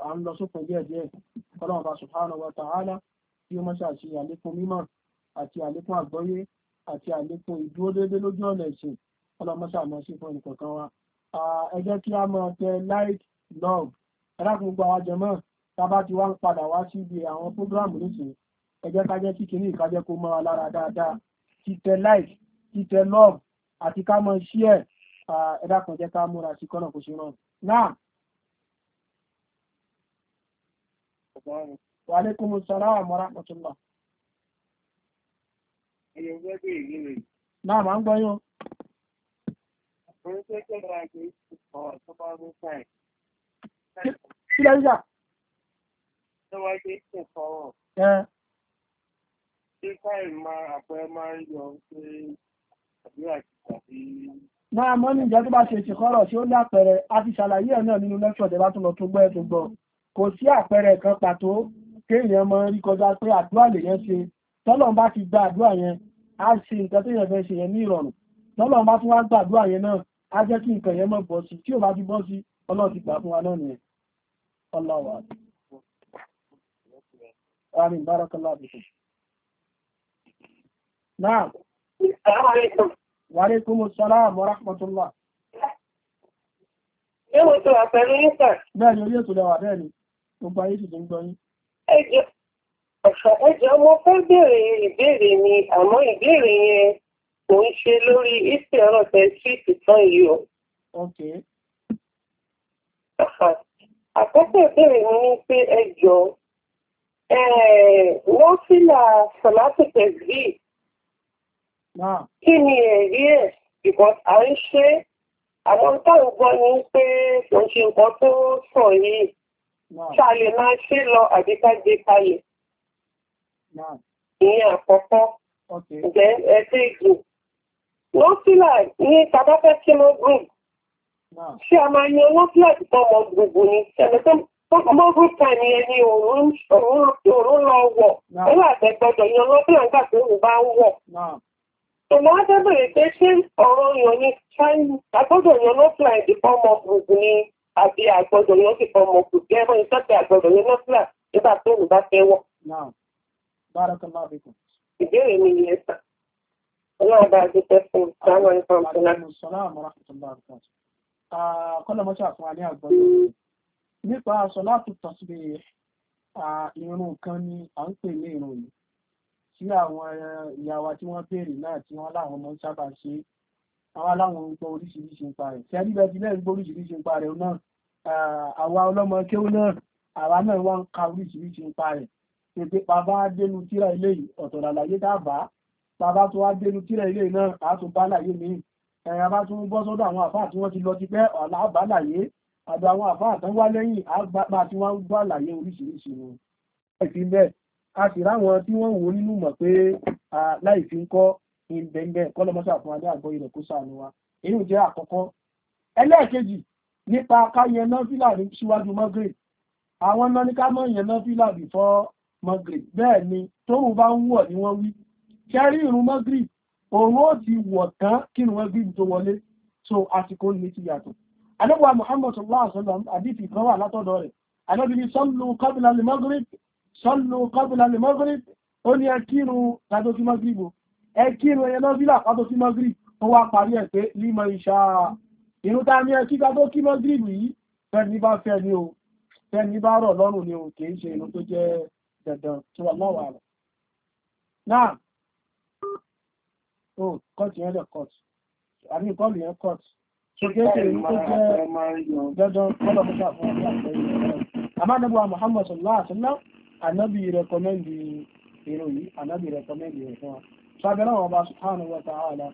à ń lọ sópin díẹ̀ díẹ̀ kọ́lọ́mọba subhanahu wa ta'ala tí ó mọ́ṣá sí àlékún mímọ̀ àti àlékún àgbọ́yé àti àlékún ìdúró déédéé lójú ọ̀nà ẹ̀sìn ọlọ́mọṣá mọ́ sí fún ẹnìkọ̀ọ̀kan wa ẹ jẹ́ kí a máa tẹ like love ẹ̀rá gbogbo àwọn jẹmọ́ tábà ti wá ń padà wá síbi àwọn prógráàmù nísìnyí ẹ jẹ́ ká jẹ́ kí kinní ká jẹ́ kó mọ́ wa lára dáadáa títẹ like títẹ love àti ká mọ share ẹ dákun jẹ́ ká múra sí kọ́nà kò ṣe rán náà. Wa alaikumus salam wa rahmatullah. Ẹ̀yẹ̀ ń gbẹ́ bí èyí rẹ̀. Náà máa ń gbọ́ yóò. Orí tó jẹ́ ìrìnàjò ìsìnkọ̀ Kí lẹ́yìn tó wá ṣe kò fọwọ́. ṣé káì máa àpẹẹrẹ máa ń yọ pé àdúrà ti tàbí. máa mọ́ ní ìjọ tó bá ṣe ìṣèkọ́rọ̀ tí ó lápẹẹrẹ a ti ṣàlàyé ẹ̀ náà nínú lẹ́kṣọ̀ tẹ́ bá tún lọ tó gbọ́ ẹ̀ tó gbọ́ kò sí àpẹẹrẹ kan pàtó kéèyàn mọ rí kọjá pé àdúrà lèyàn ṣe tọ́lọ́n bá ti gba àdúrà yẹn á ṣe nǹkan tó yẹn fẹ́ ṣe yẹn ní ìrọ̀rùn tọ́lọ́n bá tún wá gba àdúrà yẹn náà á jẹ́ kí nǹkan yẹn mọ̀ bọ́ sí tí ò bá ti bọ́ sí ọlọ́run ti gbà fún wa náà nìyẹn ọlọ́wàá آمين بارك الله بكم نعم السلام عليكم وعليكم السلام ورحمة الله Ewu tó àpẹẹrẹ ní sàn. Bẹ́ẹ̀ni orí ètò lẹ́wà bẹ́ẹ̀ni, gbogbo ayé sì ti ń gbọ́ yín. Ẹjọ́ ẹjọ́ mo fẹ́ béèrè ìbéèrè mi, àmọ́ ìbéèrè yẹn kò ń ṣe lórí ìsìn ọ̀rọ̀ tẹ síìtì tán yìí o. Àkọ́kọ́ ìbéèrè mi ni pé ẹjọ́ Eh, wọ́n fílà sọ̀látì tẹ̀sí. Kí ni ẹ̀rí ẹ̀? Because à ń ṣe àwọn táwọn gbọ́ ni pé kò ṣe nǹkan tó sọ yìí. Ṣá lè máa ṣe lọ àbíká gbé kalẹ̀. Ìyẹn àkọ́kọ́. Ǹjẹ́ ẹ ti jù? Wọ́n fílà ní Tabafẹ́ Kínú Group. Ṣé a máa yan Ọlọ́run ni ẹni òun lọ wọ̀, ó wà tẹ́gbọ́dọ̀ yan lọ́dún àgbà tó ń bá ń wọ̀. Ìmọ̀ pé ṣé ọ̀rọ̀ yàn ní China, àgbọ́dọ̀ yan lọ́dún àìdí fọ́mọ ògùn ni àbí àgbọ́dọ̀ yan sí fọ́mọ ògùn gẹ́gẹ́ ní sọ́tẹ̀ àgbọ́dọ̀ yan lọ́dún nígbà tó ń bá fẹ́ wọ̀. Ìbéèrè mi yẹn sà. Ọlọ́run bá ti tẹ́ fún ìtàwọn ìfọ̀mọ̀tò náà. Kọ́lọ̀ mọ́ṣà fún wa nípa sọ̀látù tasbih irun kan ni à ń pè ní irun yìí tí àwọn ìyá wa tí wọ́n béèrè náà tí wọ́n láwọn ọmọ sábà ṣe àwọn aláwọn gbọ́ oríṣiríṣi nípa rẹ̀ tí adíbẹ̀ ti lẹ́yìn gbọ́ oríṣiríṣi nípa rẹ̀ náà àwa ọlọ́mọ kéwú náà àwa náà wá ń ka oríṣiríṣi nípa rẹ̀ pé bàbá dénú tíra ilé yìí ọ̀tọ̀ làlàyé dábàá bàbá tó wá dénú tíra ilé náà àá tó bá láyé mi ẹ̀yà bá tún bọ́ sọ́dọ̀ àwọn àfáà tí wọ́n ti lọ ti pẹ́ àlàbàá àdó àwọn àfáà tán wá lẹ́yìn àgbàpá tí wọ́n gbọ́ àlàyé oríṣiríṣi wọn láìfi bẹ́ẹ̀ a sì ráwọn tí wọ́n wò nínú mọ̀ pé láìfi ń kọ́ ìbẹ̀ǹbẹ̀ kọ́lọ́mọ́sà fún adé àgbọ̀ ilẹ̀ kó sàánú wa èyí ò jẹ́ àkọ́kọ́ ẹlẹ́ẹ̀kejì nípa káyẹn náà fílà ní síwájú mọ́gírì àwọn náà ní ká mọ́ yẹn náà fílà bìfọ́ mọ́gírì bẹ́ẹ̀ ni tóun bá ń wọ̀ ni wọ́n wí kẹrí ìrún mọ́gírì òun ó ti wọ̀ tán kírun mọ́gírì tó wọlé so àsìkò ní ti yàtọ̀ Ànábì Muhammad sallallahu alaihi wasallam àdífì kan wà látọ̀dọ̀ rẹ̀. Ànábì ní sallu qabla al-maghrib, sallu qabla al-maghrib, ó ní ẹkírun tàbí sí maghrib. Ẹkírun ẹyẹ lọ́sílà pàtó sí maghrib, ó wá parí ẹ̀ pé liman sha'a. Irun ta ní ẹkí ká tó kí maghrib yìí, fẹ́ni bá fẹ́ ni o, fẹ́ni bá rọ̀ lọ́rùn ni o, kìí ṣe oh, yẹn lẹ̀ Àmánàbíwà Muhammad sallallahu alaihi wasallam, ànábì rẹ̀kọ́mẹ́ndì èrò yìí, ànábì rẹ̀kọ́mẹ́ndì rẹ̀ fún wa. Ṣábẹ̀rẹ̀ wọn bá subhanahu wa ta'ala,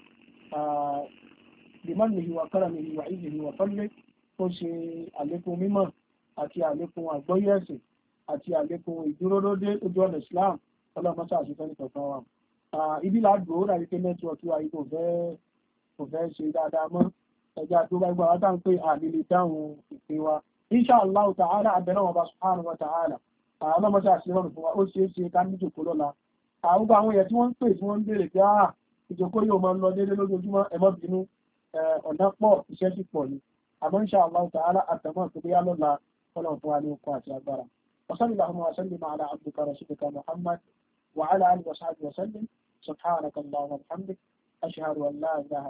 bimanihi wa karamihi wa izihi wa fadli, ó ṣe àlékún mímọ̀ àti àlékún àgbọ́yẹ̀sì àti àlékún ìdúródódé ojú ọ̀nà Islam, ọlọ́mọ́sá àti fẹ́ nìkan wa. Ibi làá dùn ó dàbí pé nẹ́tíwọ̀kì wa yìí kò fẹ́ ṣe dáadáa mọ́ ẹjá tó bá gbà wá tá ń pè àlèlè dáhùn ìpè wa insha Allah ta'ala àbẹ̀rẹ̀ wọn bá subhanahu wa ta'ala àwọn ọmọ tí a ṣe rọrùn fún wa ó ṣeé ṣe ká ní jòkó lọ́la àwọn gbogbo àwọn èèyàn tí wọ́n ń pè tí wọ́n ń béèrè pé àà ah, ìjòkó yóò máa ń lọ déédéé lójoojúmọ́ ẹ̀mọ́ bínú ọ̀nà pọ̀ iṣẹ́ sì pọ̀ ni àmọ́ insha Allah ta'ala àtẹ̀mọ́ tó lọ́la kọ́lọ̀ fún wa ní okun àti agbára وصلى اللهم وسلم على عبدك ورسولك محمد وعلى اله وصحبه وسلم سبحانك اللهم وبحمدك اشهد ان لا